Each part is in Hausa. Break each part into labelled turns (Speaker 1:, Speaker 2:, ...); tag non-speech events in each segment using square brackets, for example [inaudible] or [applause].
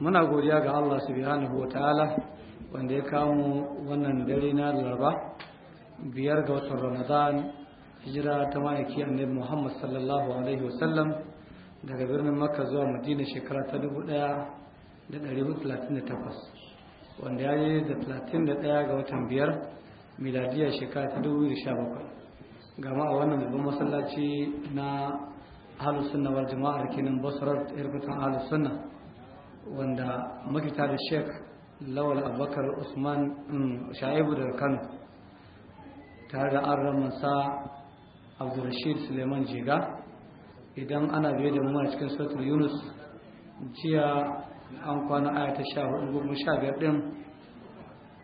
Speaker 1: muna godiya ga Allah subhanahu wa ta'ala wanda ya kamo wannan dare na laraba biyar ga watan ramadan hijira ta ma'aiki annabi muhammad sallallahu alaihi wasallam daga birnin makka zuwa madina shekara ta dubu daya da dari talatin da takwas wanda ya yi da talatin da daya ga watan biyar miladiyar shekara ta dubu da sha bakwai gama a wannan babban masallaci na ahalussunna wal jama'ar kenan basarar irkutan ahalussunna wanda makita da sheik lawal abubakar usman mm, sha'ibu da kano tare da an ramansa abdulrashid suleiman jiga idan ana biye da muna cikin sautar yunus jiya an kwana aya ta sha hudu gudun sha biyar din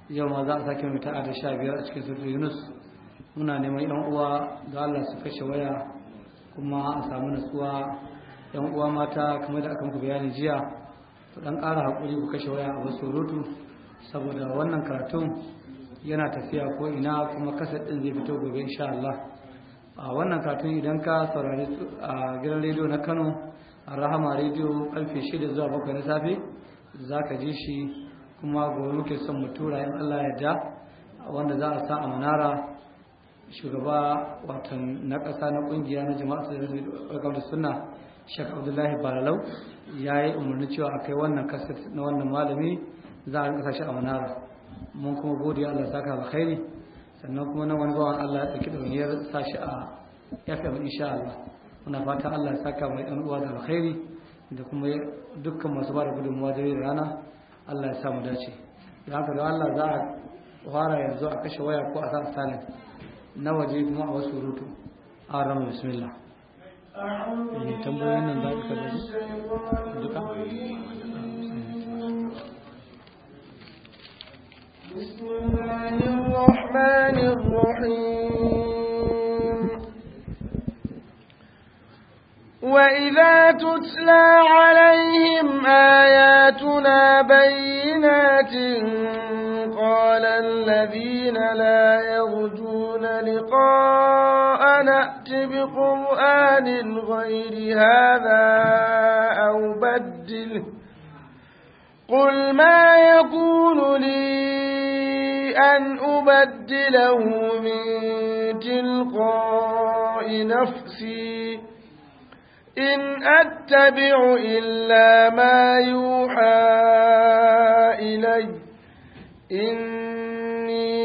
Speaker 1: yau ma za a sake mai ta sha biyar a cikin sautar yunus muna neman yan uwa da allah su kashe waya kuma a samu nasuwa yan uwa mata kamar da aka muku bayani jiya dan ƙara haƙuri ku kashe waya a wasu rutu saboda wannan karatun yana tafiya ko ina kuma kasar ɗin zai fito gobe insha Allah a wannan karatun idan ka saurari a gidan rediyo na Kano a Rahama rediyo karfe 6 zuwa 7 na safe za ka ji shi kuma gobe muke son mu tura in Allah ya da wanda za a sa a manara shugaba watan na ƙasa na ƙungiya na jama'a da sunna Sheikh Abdullahi Baralau ya yi umarni cewa kai wannan kaset na wannan malami za a rinka sashi a manara mun kuma gode Allah saka ba khairi sannan kuma na wani bawan Allah ya ɗauki ɗauniyar sashi a FM insha Allah muna fata Allah ya saka mai dan uwa da alkhairi da kuma dukkan masu ba da gudunmuwa da rana Allah ya sa mu dace da haka da Allah za a fara yanzu a kashe waya ko a sa salin na waje kuma a wasu rutu a ranar bismillah
Speaker 2: بسم الله الرحمن الرحيم وإذا تتلى عليهم آياتنا بينات قال الذين لا يرجون لقاء نأت بقرآن غير هذا أو بدله قل ما يكون لي أن أبدله من تلقاء نفسي إن أتبع إلا ما يوحى إليّ إني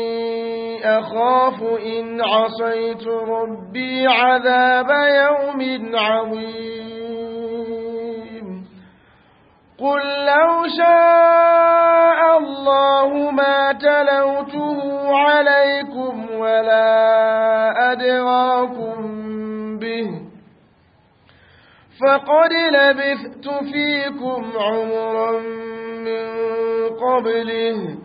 Speaker 2: أخاف إن عصيت ربي عذاب يوم عظيم قل لو شاء الله ما تلوته عليكم ولا أدراكم به فقد لبثت فيكم عمرا من قبله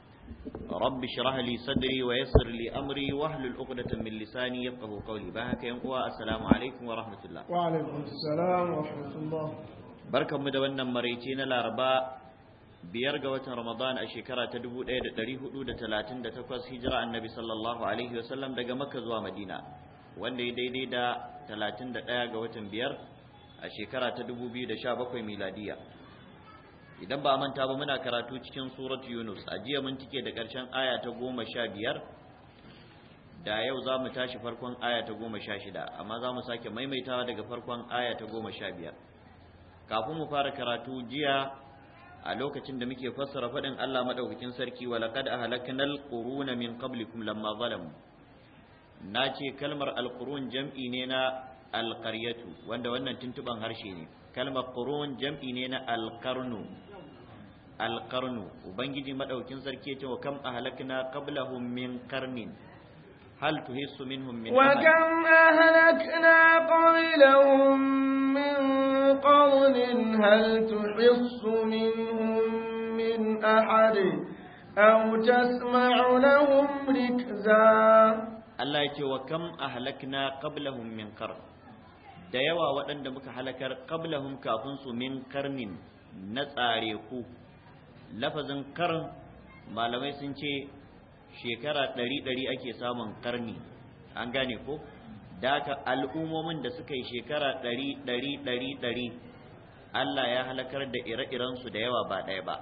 Speaker 3: rabbi shrah sadri wa yassir li amri wa ahlul 'uqdatan min lisani yafqahu qawli ba haka yan uwa assalamu alaikum wa rahmatullah
Speaker 2: wa alaikum assalam wa rahmatullah
Speaker 1: barkanmu da wannan maraice na laraba
Speaker 3: biyar ga watan Ramadan a shekara ta 1438 hijira annabi sallallahu alaihi wa sallam daga Makka zuwa Madina wanda ya daidai da 31 ga watan biyar a shekara ta 2017 miladiya idan ba manta ba muna karatu cikin suratu yunus a jiya mun cike da karshen aya ta goma sha biyar da yau za mu tashi farkon aya ta goma sha shida amma za mu sake maimaitawa daga farkon aya ta goma sha biyar kafin mu fara karatu jiya a lokacin da muke fassara faɗin Allah maɗaukakin sarki wa laqad ahlaknal quruna min qablikum lamma zalamu na ce kalmar alqurun jam'i ne na alqaryatu wanda wannan tuntuban harshe ne kalmar qurun jam'i ne na alqarnu alƙarnu ubangiji maɗaukin sarki ce wa kam ahlakna qablahum min qarnin hal tuhissu minhum min wa
Speaker 2: kam ahlakna qablahum min qarnin hal tuhissu minhum min ahad aw tasma'u lahum rikza Allah
Speaker 3: ce wa kam ahlakna qablahum min qarn da yawa waɗanda muka halakar qablahum kafin su min karnin na tsare ku lafazin karin malamai sun ce shekara ɗari ɗari ake samun karni an gane ko daka al'ummomin da suka yi shekara ɗari ɗari ɗari ɗari Allah ya halakar da ire-irensu da yawa ba ɗaya ba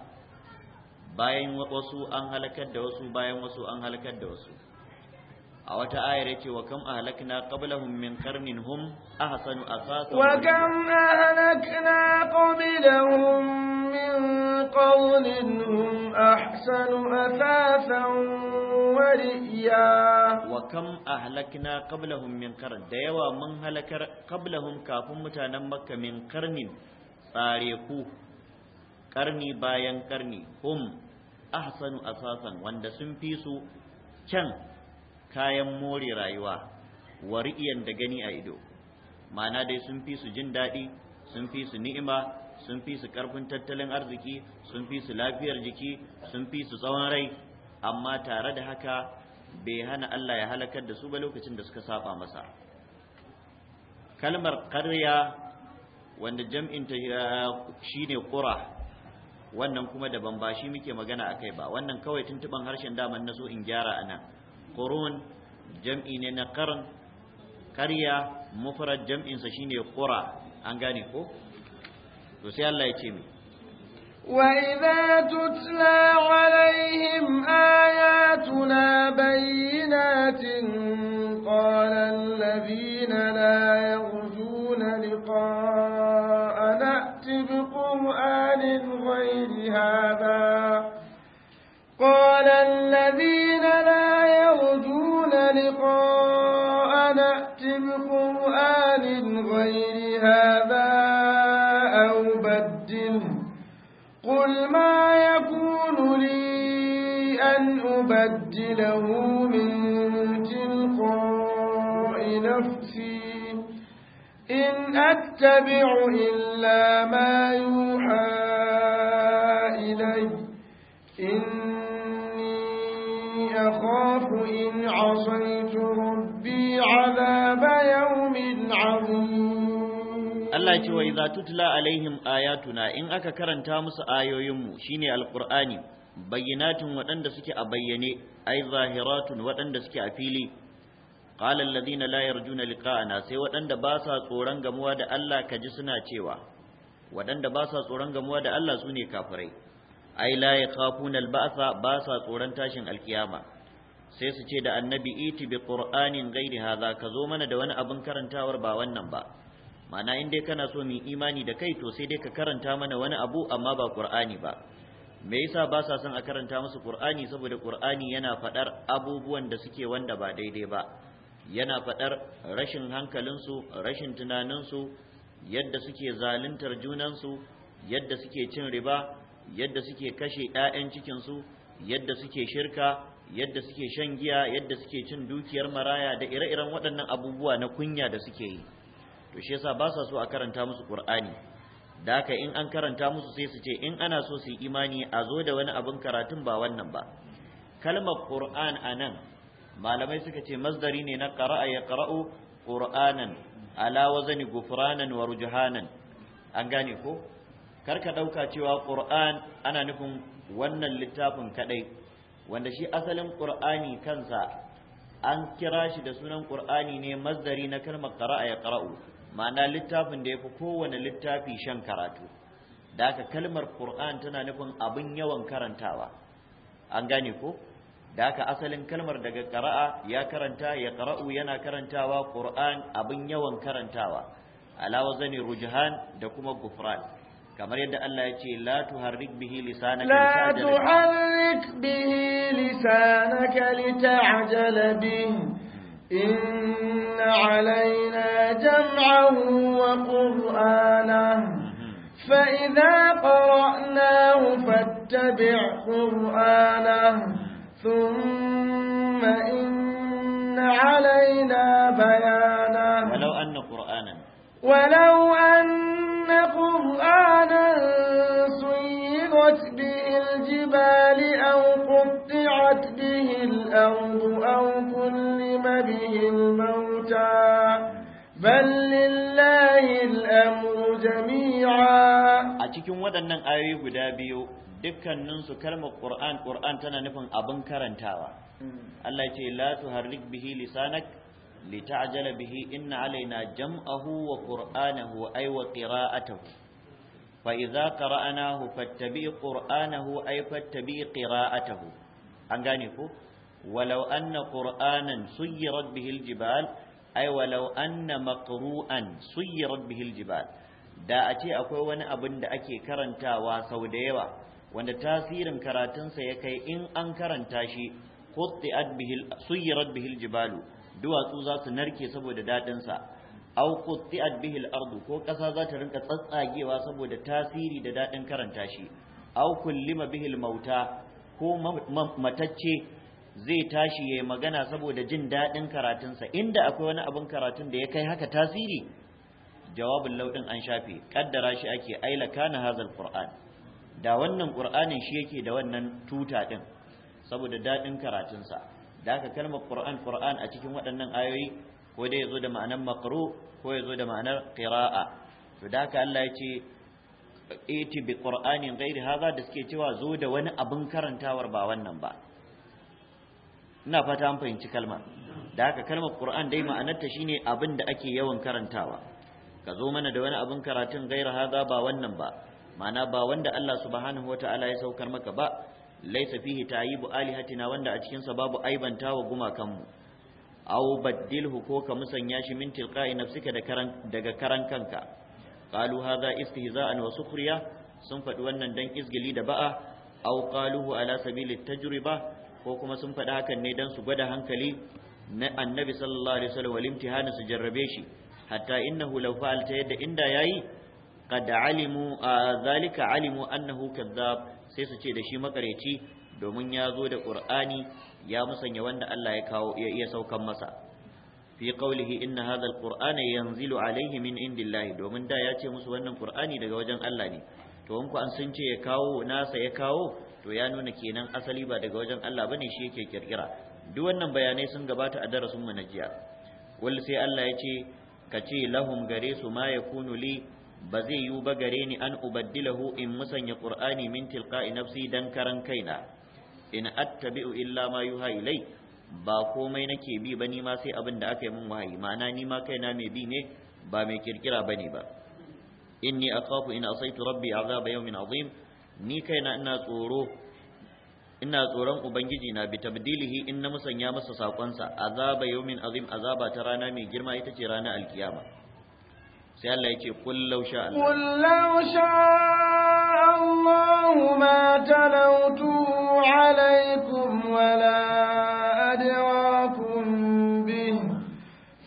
Speaker 3: bayan wasu an halakar da wasu bayan wasu an halakar da wasu a wata ayar yake wa kam ahlakna qablahum min qarnin hum ahsanu asasa wa kam
Speaker 2: ahlakna qablahum min قول هم أحسن أثاثا ورئيا
Speaker 3: وكم أهلكنا قبلهم من قرن ديوا من هلك قبلهم كافم تنمك من قرن تاريخو قرني باين قرني هم أحسن أثاثا واند سنفيسو كان kayan موري rayuwa ورئيا دقني أيدو gani a سنفيسو جندائي سنفيسو نئما fi su sun fi su karfin tattalin arziki sun fi su lafiyar jiki sun fi su tsawon rai amma tare da haka bai hana Allah ya halakar da su ba lokacin da suka saba masa kalmar ƙarya wanda jam'in ta shine qura wannan kuma da ban bashi muke magana akai ba wannan kawai tuntuban harshen daman so in gyara anan qurun jam'i ne na qarn ƙarya mufrad jam'in sa shine qura an gane ko
Speaker 2: وإذا تتلى عليهم آياتنا بينات قال الذين لا يرجون لقاء نأت بقرآن غير هذا قال الذين لا يرجون لقاء نأت بقرآن غير هذا قل ما يكون لي أن أبدله من تلقاء نفسي إن أتبع إلا ما يوحى إلي إني أخاف إن عصيت ربي عذاب يوم عظيم Allah ce wa
Speaker 3: idza tutla alaihim ayatuna in aka karanta musu ayoyinmu shine alqur'ani bayyinatin waɗanda suke a bayyane ai zahiratun waɗanda suke a fili qala alladhina la yarjuna liqa'ana sai waɗanda ba sa tsoron gamuwa da Allah kaji suna cewa waɗanda ba sa tsoron gamuwa da Allah sune kafirai ai la yakhafuna alba'sa ba sa tsoron tashin alkiyama sai su ce da annabi iti bi qur'anin ghairi hadha ka zo mana da wani abin karantawar ba wannan ba ma'ana in dai kana so mu imani da kai to sai dai ka karanta mana wani abu amma ba qur'ani ba me yasa ba sa son a karanta musu qur'ani saboda qur'ani yana fadar abubuwan da suke wanda ba daidai ba yana fadar rashin hankalinsu rashin tunaninsu yadda suke zaluntar junansu yadda suke cin riba yadda suke kashe 'ya'yan su yadda suke shirka yadda suke shan giya yadda suke cin dukiyar maraya da ire-iren waɗannan abubuwa na kunya da suke yi to shi yasa ba sa so a karanta musu qur'ani da haka in an karanta musu sai su ce in ana so su imani a zo da wani abin karatun ba wannan ba kalmar qur'an anan malamai suka ce masdari ne na qara'a ya qara'u qur'anan ala wazani gufranan wa rujhanan an gane ko karka dauka cewa qur'an ana nufin wannan littafin kadai wanda shi asalin qur'ani kansa an kira shi da sunan qur'ani ne masdari na kalmar qara'a ya qara'u ma'ana littafin da ya fi kowane littafi shan karatu da aka kalmar qur'an tana nufin abin yawan karantawa an gane ko da aka asalin kalmar daga ƙara'a ya karanta ya ƙara'u yana karantawa Kur'an abin yawan karantawa alawa zani rujhan da kuma gufran kamar yadda Allah ya ce la tuharrik bihi lisanaka la
Speaker 2: tuharrik bihi lisanaka lita'jala إن علينا جمعه وقرآنه فإذا قرأناه فاتبع قرآنه ثم إن علينا بيانه ولو أن قرآنا ولو أن قرآنا سخرت به الجبال أو قطعت به الأرض أو كلم به الموتى بل لله الأمر جميعا
Speaker 3: أتكلم ودنا آية قدابيو dukkaninsu kalmar Qur'an Qur'an tana nufin abin karantawa Allah ya ce la tuharrik bihi lisanak lita'jala bihi inna alaina jam'ahu wa qur'anahu ay wa fa'iza qara'anahu fattabi qur'anahu ay fattabi qira'atahu an gane ko walau anna qur'anan suyirat bihi aljibal ay walau anna maqru'an suyirat bihi aljibal da a ce akwai wani abin da ake karantawa sau da yawa wanda tasirin karatunsa ya kai in an karanta shi qutti'at bihi suyirat bihi aljibalu duwatsu za su narke saboda daɗinsa aw qutti'at bihi al-ardu ko kasa za ta rinka tsatsagewa saboda tasiri da dadin karanta shi aw kullima bihi mauta ko matacce zai tashi yayi magana saboda jin dadin karatunsa inda akwai wani abun karatun da ya kai haka tasiri jawabin laudin an shafe kaddara shi ake aila kana hazal qur'an da wannan qur'anin shi yake da wannan tuta din saboda dadin karatunsa da aka kalmar qur'an qur'an a cikin waɗannan ayoyi ko dai yazo da ma'anar maqru ko yazo da ma'anar qira'a to da haka Allah ya ce ati bi qur'anin ghairi hadha da suke cewa zo da wani abin karantawar ba wannan ba ina fata an fahimci kalma. da haka kalmar qur'an dai ma'anar ta shine abin da ake yawan karantawa ka zo mana da wani abin karatun ghairi hadha ba wannan ba ma'ana ba wanda Allah subhanahu wata'ala ya saukar maka ba laisa fihi ta'ibu alihatina wanda a cikin sa babu aibantawa gumakan mu aw baddilhu ko ka musanya shi min tilqa'i nafsika da karan daga karan kanka qalu hadha istihza'an wa sukhriya sun faɗi wannan dan izgili da ba'a aw qaluhu ala sabili tajriba ko kuma sun faɗi hakan ne dan su gwada hankali na annabi sallallahu alaihi wasallam wal su jarrabe shi hatta innahu law fa'alta yadda inda yayi qad alimu zalika alimu annahu kadhab sai su ce da shi makareci domin ya zo da qur'ani ya musanya wanda Allah ya kawo ya iya saukan masa fi qawlihi inna hadha alqur'ana yanzilu alayhi min indillahi domin da ya ce musu wannan qur'ani daga wajen Allah ne to in an sun ce ya kawo nasa ya kawo to ya nuna kenan asali ba daga wajen Allah bane shi yake kirkira duk wannan bayanai sun gabata a darasin mu na jiya
Speaker 1: wal sai Allah ya ce
Speaker 3: ka ce lahum gare su ma yakunu li ba zai yiwu ba gare ni an ubaddilahu in musanya qur'ani min tilqa'i nafsi dan karan kaina in attabi'u illa ma yuha ilai ba komai nake bi ba ni ma sai abin da aka yi min wahayi ma'ana ni ma kaina mai bi ne ba mai kirkira bane ba inni akhafu in asaitu rabbi azaba yawmin azim ni kaina ina tsoro ina tsoron ubangiji na bi tabdilihi in na musanya masa sakonsa azaba yawmin azim azaba ta rana mai girma ita ce rana alkiyama sai Allah yake kullau sha Allah
Speaker 2: kullau sha الله ما تلوته عليكم ولا أدراكم به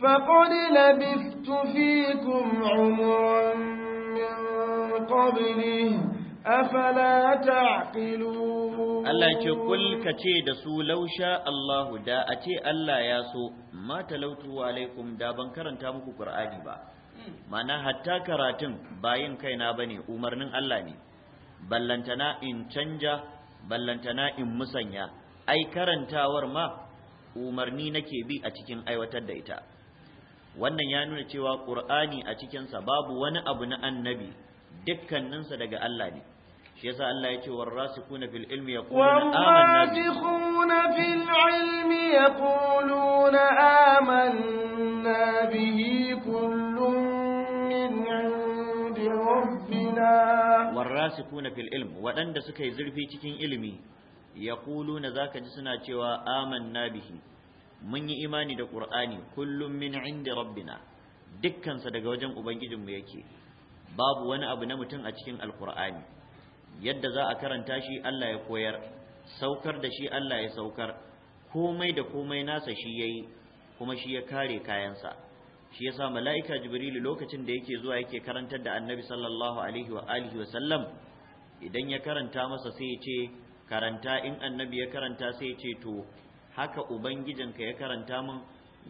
Speaker 2: فقد لبثت فيكم عمرا من قبله أفلا تعقلوا Allah ya ce kul
Speaker 3: ce da su lausha Allahu, da ace Allah ya so ma talautu wa alaikum da ban karanta muku Qur'ani ba mana hmm. hatta karatun bayin kaina bane umarnin Allah ne ballantana in canja ballantana in musanya ai karantawar ma umarni nake bi a cikin aiwatar da ita wannan ya nuna cewa qur'ani a cikinsa babu wani abu na annabi dukkaninsa daga Allah ne shi yasa Allah ya ce warasikuna fil ilmi yaquluna
Speaker 2: amanna fil ilmi yaquluna amanna bihi kullu ربنا
Speaker 3: والراسخون في العلم waɗanda suka yi zurfi cikin ilimi yaquluna zaka ji suna cewa amanna bihi mun yi imani da qur'ani kullum min indi rabbina dukkan sa daga wajen ubangijinmu yake babu wani abu na mutum a cikin alqur'ani yadda za a karanta shi Allah ya koyar saukar da shi Allah ya saukar komai da komai nasa shi yayi kuma shi ya kare kayansa shi yasa mala'ika jibrilu lokacin da yake zuwa yake karantar da annabi sallallahu alaihi wa alihi wa sallam idan ya karanta masa sai ya ce karanta in annabi ya karanta sai ya ce to haka ubangijinka ya karanta min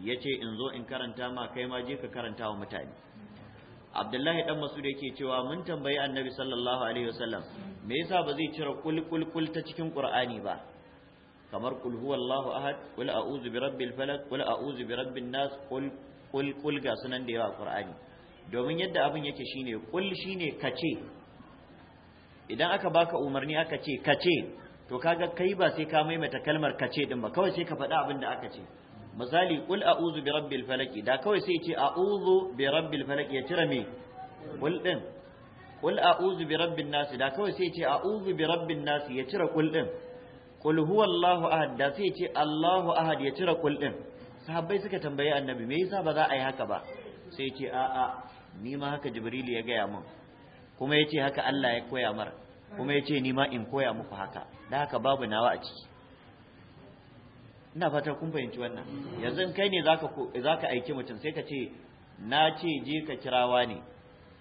Speaker 3: ya ce in zo in karanta ma kai ma je ka karanta wa mutane abdullahi dan masud yake cewa mun tambayi annabi sallallahu alaihi wa sallam me yasa ba zai cire kul kul ta cikin qur'ani ba kamar kul huwallahu ahad kul a'udhu birabbil falaq kul a'udhu birabbin nas kul kul kul ga sunan da yawa qur'ani domin yadda abin yake shine kul shine kace idan aka baka umarni aka ce kace to kaga kai ba sai ka maimaita kalmar kace din ba kawai sai ka faɗi abin da aka ce misali kul a'udhu bi rabbil falaki da kawai sai ce a'udhu bi rabbil falaki ya cire me kul din kul a'udhu bi rabbin nas da kawai sai ce a'udhu bi rabbin nas ya cire kul din kul huwallahu ahad da sai ce allahu ahad ya cire kul din sahabbai suka tambayi annabi me yasa ba za a yi haka ba sai ce a'a ni ma haka jibril ya gaya min kuma yace haka Allah ya koya mar kuma yace ni ma in koya muku haka da haka babu nawa a ciki ina fata kun fahimci wannan yanzu kai ne zaka zaka aiki mutum sai ka ce na ce je ka kirawa ne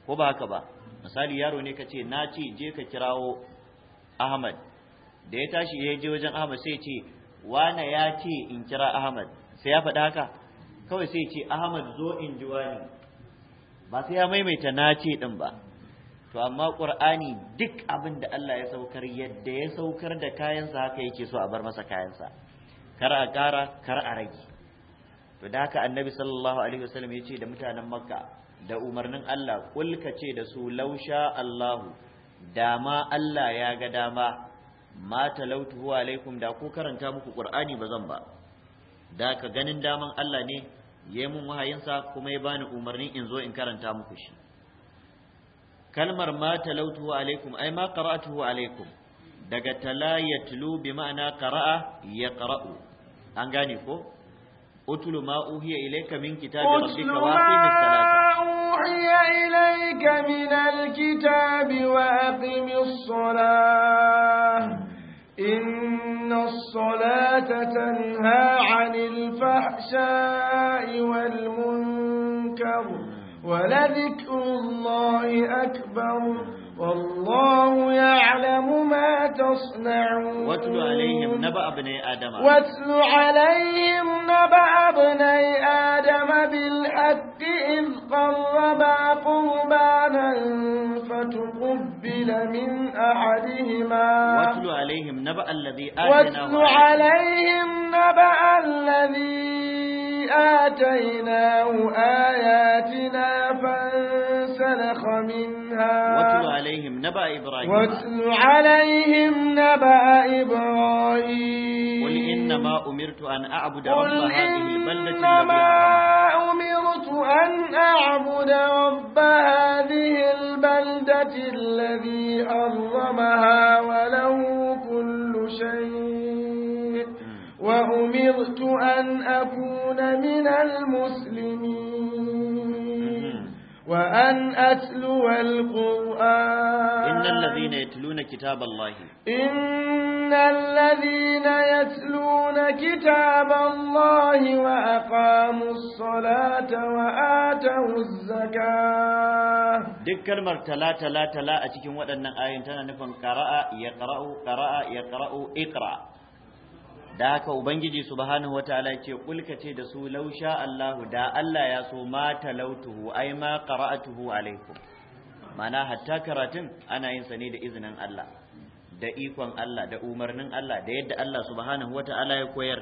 Speaker 3: ko ba haka ba misali yaro ne ka ce na ce je ka kirawo Ahmad da ya tashi ya je wajen Ahmad sai ce wane ya ce in kira Ahmad sai ya faɗa haka kawai sai ce Ahmad zo in ji wani ba sai ya maimaita na ce din ba to amma ƙur'ani duk abin da Allah ya saukar yadda ya saukar da kayansa haka yake so a bar masa kayansa kar a ƙara kar a rage to da haka annabi sallallahu alaihi wasallam ya ce da mutanen makka da umarnin Allah kulka ce da su lausha Allahu dama Allah ya ga dama ma talautuhu alaikum da ko karanta muku ƙur'ani ba zan ba da ka ganin daman Allah ne ya mun wahayinsa kuma ya bani umarni in zo in karanta muku shi kalmar ma talautuhu alaikum ai ma qara'atuhu alaikum daga tala yatlu bi ma'ana qara'a yaqra'u an gane ko utlu ma uhiya ilayka min kitabi rabbika wa aqimis
Speaker 2: أوحي إليك من الكتاب وأقم الصلاة الصلاة تنهى عن الفحشاء والمنكر ولذكر الله أكبر والله يعلم ما تصنعون واتل
Speaker 3: عليهم نبأ ابني آدم
Speaker 2: واتل عليهم نبأ ابني آدم بالحق إذ قربا قربانا فتقبل من أحدهما واتل
Speaker 3: عليهم نبأ الذي آتيناه واتل
Speaker 2: عليهم نبأ الذي آتيناه آياتنا فانسلخ منها واتل عليهم نبأ إبراهيم واتل عليهم نبأ إبراهيم
Speaker 3: قل إنما أمرت أن أعبد رب هذه البلدة إنما
Speaker 2: أمرت أن أعبد رب هذه البلدة الذي حرمها وله كل شيء وأمرت أن أكون من المسلمين
Speaker 3: وأن
Speaker 2: أتلو القرآن إن الذين
Speaker 3: يتلون كتاب الله
Speaker 2: إن الذين يتلون كتاب الله وأقاموا الصلاة وآتوا الزكاة ذكر مرتلا
Speaker 3: تلا تلا أتكم ودنا آية تنا نفن قراء يقرأ قراء يقرأ اقرأ da haka ubangiji subhanahu wataala ce kulka ce da su lausha Allahu da Allah ya so ma talautuhu ai ma qara'atuhu alaikum mana hatta karatun ana yin sa ne da izinin Allah da ikon Allah da umarnin Allah da yadda Allah subhanahu wataala ya koyar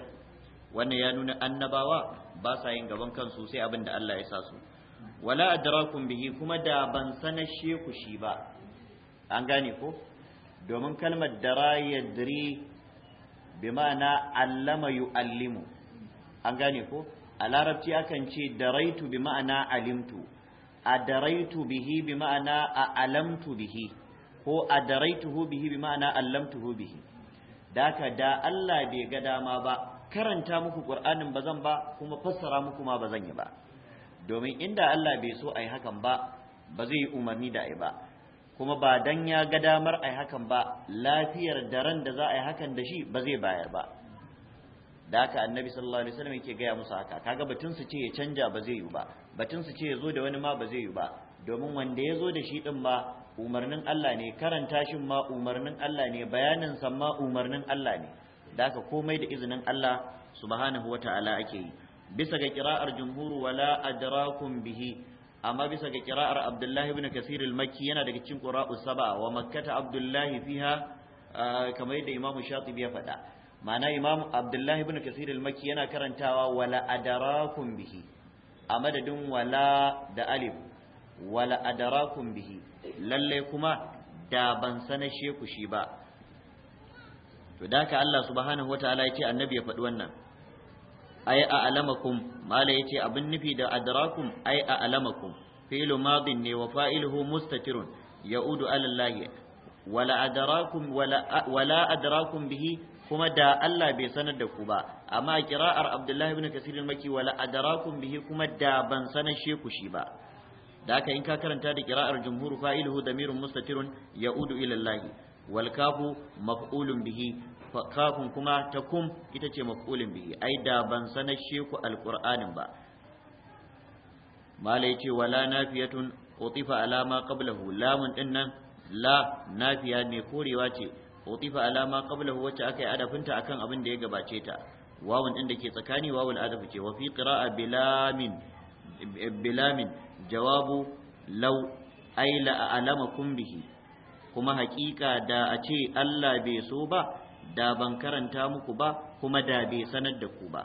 Speaker 3: wannan ya nuna annabawa ba sa yin gaban kansu sai abin da Allah ya sa su wala adrakum bihi kuma da ban sanar ku shi ba an gane ko domin kalmar dara yadri bi ma'ana allama yu'allimu an gane ko a larabci akan ce daraitu bima'ana ma'ana alimtu a daraitu bihi bi a alamtu bihi ko a daraituhu bihi bi ma'ana allamtuhu bihi daka da Allah bai ga dama ba karanta muku qur'anin bazan ba kuma fassara muku ma bazan yi ba domin inda Allah bai so ai hakan ba ba zai umarni da ai ba kuma ba dan ya ga damar ai hakan ba lafiyar daren da za a yi hakan da shi ba zai bayar ba da haka annabi sallallahu alaihi wasallam yake gaya musu haka kaga batun su ce ya canja ba zai yi ba batun su ce ya zo da wani ma ba zai yi ba domin wanda ya zo da shi din ma umarnin Allah ne karanta shin ma umarnin Allah ne bayanin sa ma umarnin Allah ne da haka komai da izinin Allah subhanahu wataala ake yi bisa ga kira'ar jumhuru wala adrakum bihi amma bisa ga kira'ar abdullahi ibn kasir al-makki yana daga cikin qura'u saba wa makkata abdullahi fiha kamar yadda imam shatibi ya faɗa ma'ana imam abdullahi ibn kasir al-makki yana karantawa wala adarakum bihi a madadin wala da alif wala adarakum bihi lalle kuma da ban sanashe ku shi ba to da haka Allah subhanahu wataala ya annabi ya faɗi wannan ay a'lamakum mala yace abin nufi da adrakum ay a'lamakum fi'lu madin ne wa fa'iluhu mustatirun ya'udu ala Allah wala adrakum wala wala adrakum bihi kuma da Allah bai sanar da ku ba amma kira'ar Abdullahi ibn Kasir al-Makki wala adarakum bihi kuma da ban sanar she ku shi ba da haka in ka karanta da kira'ar jumhur fa'iluhu damirun mustatirun ya'udu ila Allah wal kafu maf'ulun bihi kafin kuma ta kum ita ce maf'ulin bihi ai da ban sanar sheku alqur'anin ba
Speaker 1: malai ce wala nafiyatun utifa alama qablahu lamun din nan la nafiya ne korewa ce utifa alama qablahu wacce aka yi adafinta akan abin da ya gabace ta
Speaker 3: wawun din da ke tsakani wawul adafu ce wa fi qira'a bilamin bilamin jawabu law ay la alamakum bihi kuma haƙiƙa da a ce Allah bai so ba da ban karanta muku ba kuma da bai sanar da ku ba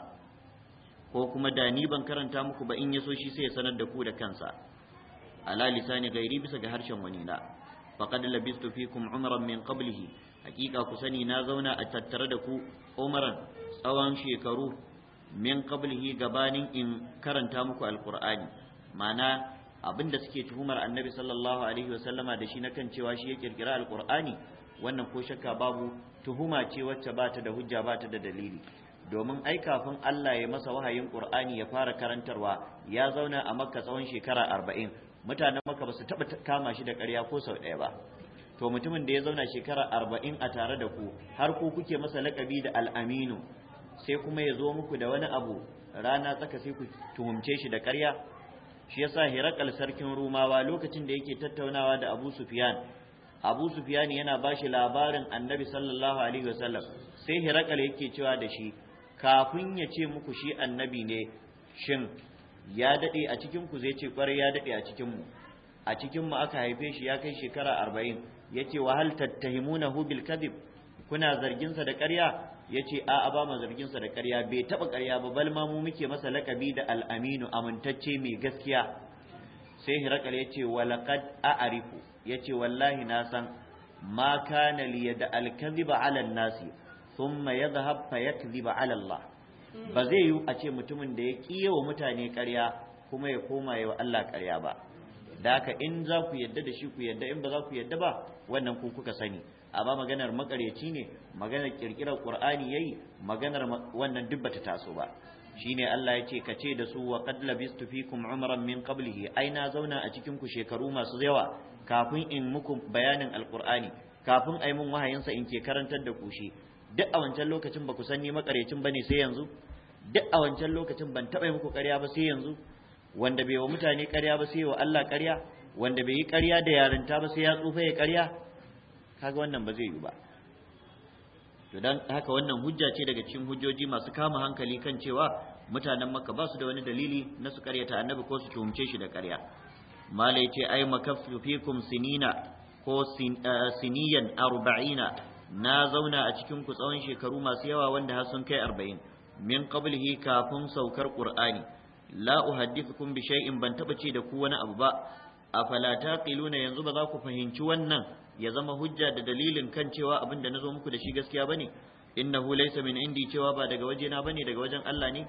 Speaker 3: ko kuma da ni ban karanta muku ba in yaso shi sai ya sanar da ku da kansa ala lisani gairi bisa ga harshen wani na faqad labistu fikum umran min qablihi hakika ku sani na zauna a tattare da ku umran tsawon shekaru min qablihi gabanin in karanta muku alqur'ani mana abinda suke tuhumar annabi sallallahu alaihi wasallama da shi na kan cewa shi ya kirkira alqur'ani wannan ko shakka babu tuhuma ce wacce ba ta da hujja ba ta da dalili domin ai kafin Allah ya masa wahayin Qur'ani ya fara karantarwa ya zauna a Makka tsawon shekara 40 mutanen Makka ba su taba kama shi da ƙarya ko sau ɗaya ba to mutumin da ya zauna shekara 40 a tare da ku har ko kuke masa laƙabi da al-aminu sai kuma ya zo muku da wani abu rana tsaka sai ku tuhumce shi da ƙarya shi yasa Hirakal sarkin Rumawa lokacin da yake tattaunawa da Abu Sufyan abu Sufiyani yana bashi labarin annabi sallallahu alaihi wasallam sai hirakal yake cewa da shi kafin ya ce muku shi annabi ne shin ya dade a cikin ku zai ce kwarai ya dade a cikin mu a cikin mu aka haife shi ya kai shekara 40 yace wa hal tattahimunahu bil kadhib kuna zargin sa da ƙarya yace a a ba mu zargin sa da ƙarya bai taba ƙarya ba bal ma mu muke masa lakabi da al-aminu amintacce mai gaskiya sai hirakal yace wa laqad a'rifu yace wallahi na san ma kana da yada al-kadhiba nasi, sun nasi thumma yadhhab fa yakdhiba ala Allah ba zai yi a ce mutumin da ya wa mutane ƙarya kuma ya koma wa Allah ƙarya ba da haka in za ku yadda da shi ku yadda in ba za ku yadda ba wannan ku kuka sani amma maganar makaryaci ne maganar ƙirƙirar qur'ani yayi maganar wannan duk bata taso ba shine Allah ya ce ka da su wa qad labistu fikum umran min qablihi ai na zauna a cikin ku shekaru masu yawa kafin in muku bayanin alqur'ani kafin ai mun wahayinsa in ke karantar da ku shi duk a wancan lokacin ba ku san ni makarecin bane sai yanzu duk a wancan lokacin ban taɓa muku ƙarya ba sai yanzu wanda bai wa mutane ƙarya ba sai wa Allah ƙarya wanda bai yi ƙarya da yarinta ba sai ya tsufa ya ƙarya kaga wannan ba zai yi ba to dan haka wannan hujja ce daga cikin hujjoji masu kama hankali kan cewa mutanen Makka ba su da wani dalili na su ƙaryata Annabi ko su tuhumce shi da ƙarya mala ce, ai makafifikum fikum sinina ko eh, siniyan arba'ina na zauna a cikin ku tsawon shekaru masu yawa wanda har sun kai arba'in min qablihi kafin saukar qur'ani la uhaddithukum bi shay'in ban taba ce da ku wani abu ba afala taqiluna yanzu ba za ku fahimci wannan ya zama hujja da dalilin kan cewa abin da nazo muku da shi gaskiya bane innahu laysa min indi cewa ba daga wajena bane daga wajen Allah ne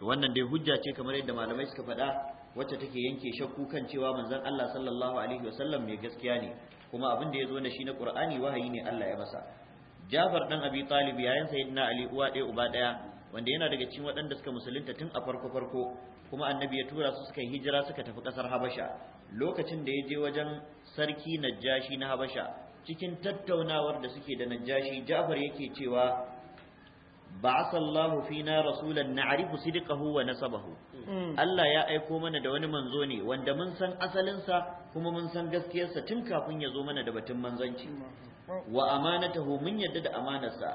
Speaker 3: wannan dai hujja ce kamar yadda malamai suka faɗa wacce take yanke shakku kan cewa manzon Allah sallallahu alaihi wasallam mai gaskiya ne kuma abin da ya zo na shi na Qur'ani wahayi ne Allah ya masa Jafar dan Abi Talib yayin sayyidina Ali uwa ɗaya uba ɗaya wanda yana daga cikin waɗanda suka musulunta tun a farko farko kuma annabi ya tura su suka hijira suka tafi ƙasar Habasha lokacin da ya je wajen sarki Najashi na Habasha cikin tattaunawar da suke da Najashi Jafar yake cewa ba'asallahu fina rasulan na'rifu sidqahu wa nasabahu Mm. Allah ya aiko mana da wani manzo ne wanda mun san asalinsa kuma mun san gaskiyarsa tun kafin ya zo mana da batun manzanci mm. wa amanatahu mun yadda da amanarsa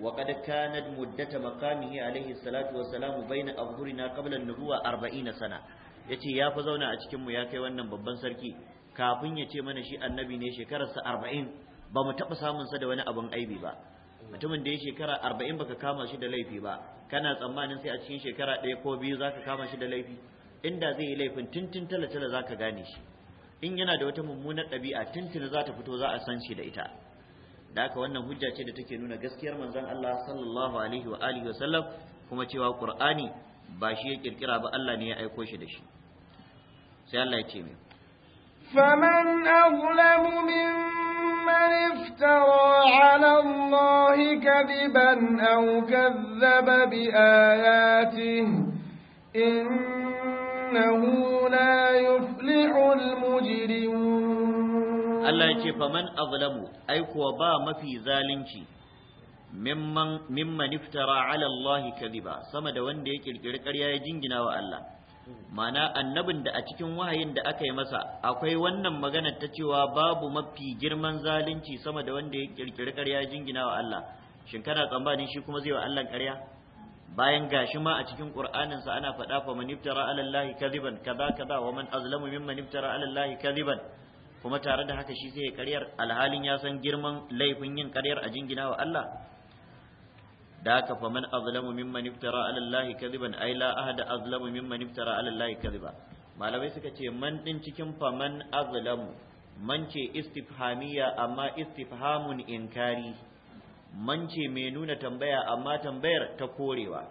Speaker 3: wa qad kanat muddata maqamihi alayhi salatu wassalamu baina abhurina qabla an-nubuwa 40 sana yace ya fa zauna a cikin mu ya kai wannan babban sarki kafin ya ce mana shi annabi ne shekararsa 40 ba mu taɓa samunsa da wani abun aibi ba mutumin da ya shekara arba'in baka kama shi da laifi ba kana tsammanin sai a cikin shekara ɗaya ko biyu zaka kama shi da laifi inda zai yi laifin tintin talatala ka gane shi in yana da wata mummunar ɗabi'a tintin za ta fito za a san shi da ita da haka wannan hujja ce da take nuna gaskiyar manzon Allah sallallahu alaihi wa alihi wa kuma cewa Qur'ani ba shi ya kirkira ba Allah ne ya aiko shi da shi sai Allah ya ce mai
Speaker 2: faman min من افترى على الله كذبا أو كذب بآياته إنه لا يفلح المجرمون الله يجيب من
Speaker 3: أظلم أي قوبا ما في ذلك ممن, ممن افترى على الله كذبا سمد وندي كالكريا يجنجنا وألا mana annabin da a cikin wahayin da aka yi masa akwai wannan magana ta cewa babu mafi girman zalunci sama da wanda ya kirkiri ƙarya jingina wa Allah shin kana tsammanin shi kuma zai wa Allah ƙarya bayan gashi ma a cikin Qur'anin sa ana faɗa fa man iftara ala Allah kadiban kaza kaza wa man azlamu mimman iftara ala Allah kadiban kuma tare da haka shi sai ya ƙaryar alhalin ya san girman laifin yin ƙaryar a jingina wa Allah da haka fa man azlamu mimman iftara ala allahi kadiban ay la ahada azlamu mimman iftara ala kadiba malamai suka ce man din cikin faman man azlamu man ce istifhamiya amma istifhamun inkari man ce mai nuna tambaya amma tambayar ta korewa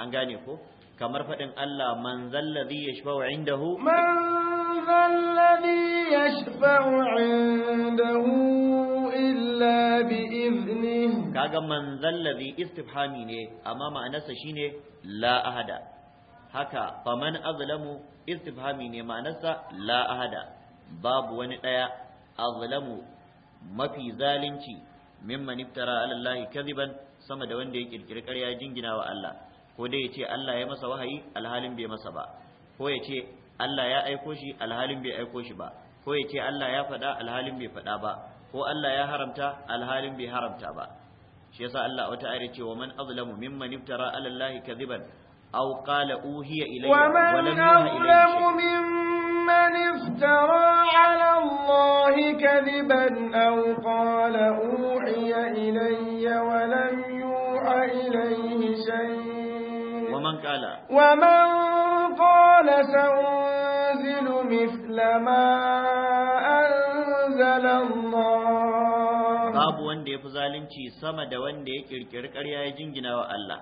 Speaker 3: an gane ko kamar faɗin Allah man ya yashfa'u indahu
Speaker 2: man ya yashfa'u indahu إلا بإذنه
Speaker 3: كاغا من ذا الذي استفهامي ني أما معنسا شيني لا أحد هكا فمن أظلم استفهامي ني معنسا لا أحد باب ونقيا أظلم ما في ظالمتي ممن افترى على الله كذبا sama da wanda ya kirkiri ƙarya jingina wa Allah ko dai ya ce Allah ya masa wahayi alhalin bai masa ba ko ya ce Allah ya aiko shi alhalin bai aiko shi ba ko ya ce Allah ya faɗa alhalin bai faɗa ba ko Allah ya haramta alhalin bai haramta ba shi yasa Allah wata ayar ce wa man azlamu mimman iftara ala Allah kadiban aw qala uhiya ilayya wa man azlamu
Speaker 2: mimman iftara ala Allah kadiban aw qala uhiya ilayya wa lam yuha ilayhi shay babu
Speaker 3: wanda ya fi zalunci sama da wanda ya kirkiri ƙarya ya jingina wa Allah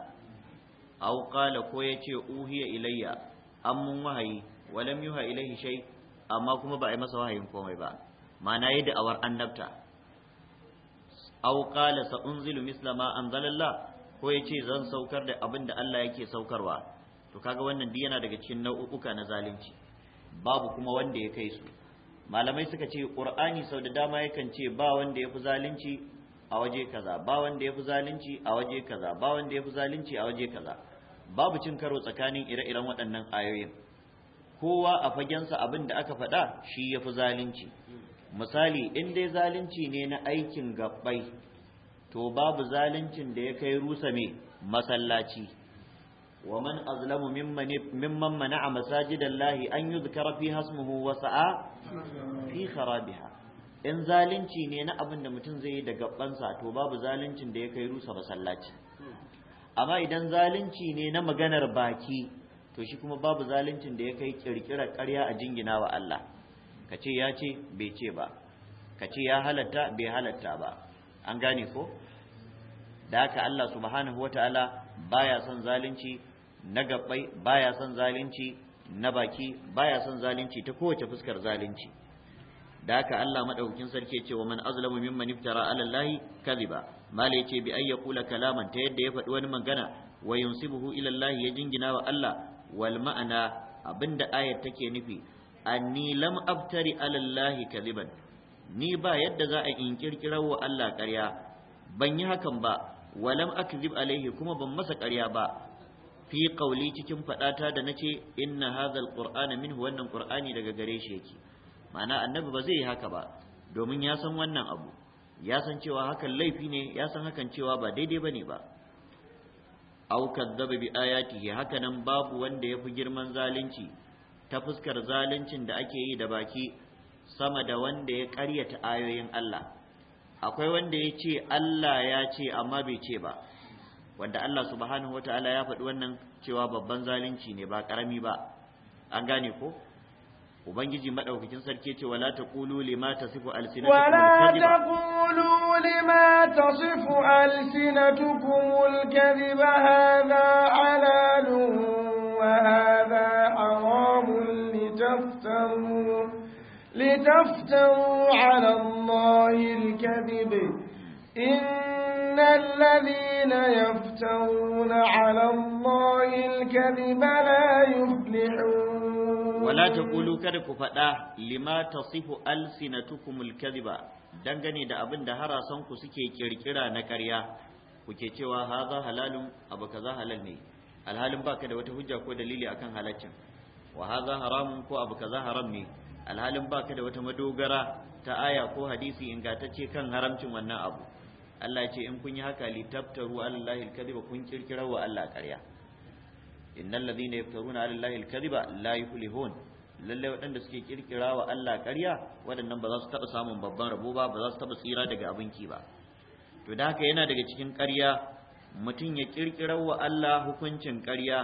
Speaker 3: aw qala ko yace uhiya ilayya an mun wahayi walam yuha ilayhi shay amma kuma ba a yi masa wahayin komai ba ma'ana yi awar annabta aw qala sa unzilu misla ma anzalallah ko yace zan saukar da abin da Allah yake saukarwa to kaga wannan duk yana daga cikin nau'uka na zalunci babu kuma wanda ya kai su malamai suka ce qur'ani sau da dama yakan ce ba wanda yafi zalunci a waje kaza ba wanda yafi zalunci a waje kaza ba wanda yafi zalunci a waje kaza babu cin karo tsakanin ire-iren waɗannan ayoyin kowa a fagensa abin da aka faɗa shi yafi zalunci misali in dai zalunci ne na aikin gabbai to babu zaluncin da ya kai rusa me masallaci ومن أظلم ممن منع مساجد الله أن يذكر فيها اسمه وسعى fi kharabiha in zalunci ne na abin da mutum zai yi da gabansa to babu zaluncin da ya kai rusa masallaci amma idan zalunci ne na maganar baki to shi kuma babu zaluncin da ya kai kirkirar ƙarya a jingina wa Allah ka ce ya ce bai ce ba ka ce ya halatta bai halatta ba an gane ko da haka Allah subhanahu wataala baya son zalunci na gabbai baya son zalunci na baki baya son zalunci ta kowace fuskar zalunci da haka Allah madaukakin sarki ya ce wa man azlamu mimman iftara ala Allah kadhiba mala yace bi ayya qula kalaman ta yadda ya faɗi wani magana wa yunsibuhu ila Allah ya jingina wa Allah wal ma'ana abinda ayat take nufi anni lam abtari ala Allah kadhiban ni ba yadda za a in kirkirar wa Allah ƙarya ban yi hakan ba walam akzib alaihi kuma ban masa ƙarya ba fi kauli cikin fadata da na nace inna hazal qur'ana minhu wannan qur'ani daga gare shi yake ma'ana annabi ba zai yi haka ba domin ya san wannan abu ya san cewa hakan laifi ne ya san hakan cewa ba daidai bane ba aw kadzaba bi ayatihi hakanan babu wanda yafi girman zalunci ta fuskar zaluncin da ake yi da baki sama da wanda ya karyata ayoyin Allah akwai wanda ya ce Allah ya ce amma bai ce ba wanda Allah subhanahu wataala ya faɗi wannan cewa babban zalunci ne ba ƙarami ba an gane ko ubangiji madaukakin sarki ce wala
Speaker 2: taqulu lima tasifu alsinatukum wala taqulu lima tasifu alsinatukum alkadhiba hadha halalun wa hadha haramun litaftaru litaftaru ala allahi alkadhiba إن الذين يفترون على الله الكذب لا يفلحون ولا تقولوا
Speaker 3: كذب فدا لما تصف ألسنتكم الكذب dangane da abin da harasanku suke kirkira na ƙarya kuke cewa haza halalun abu ka za halal ne alhalin baka da wata hujja ko dalili akan halaccin wa haza haramun ko abu ka za haram ne alhalin baka da wata madogara ta aya ko hadisi ingantacce kan haramcin wannan abu Allah ce in kun yi haka litabtaru Allah al alkadhiba kun kirkirar wa Allah ƙarya innal ladina yaftaruna ala al alkadhiba la yuflihun lallai waɗanda suke kirkira wa Allah ƙarya waɗannan ba za su taɓa samun babban rabo ba ba za su taɓa tsira daga abinki ba to da haka yana daga cikin ƙarya mutum ya kirkira wa Allah hukuncin ƙarya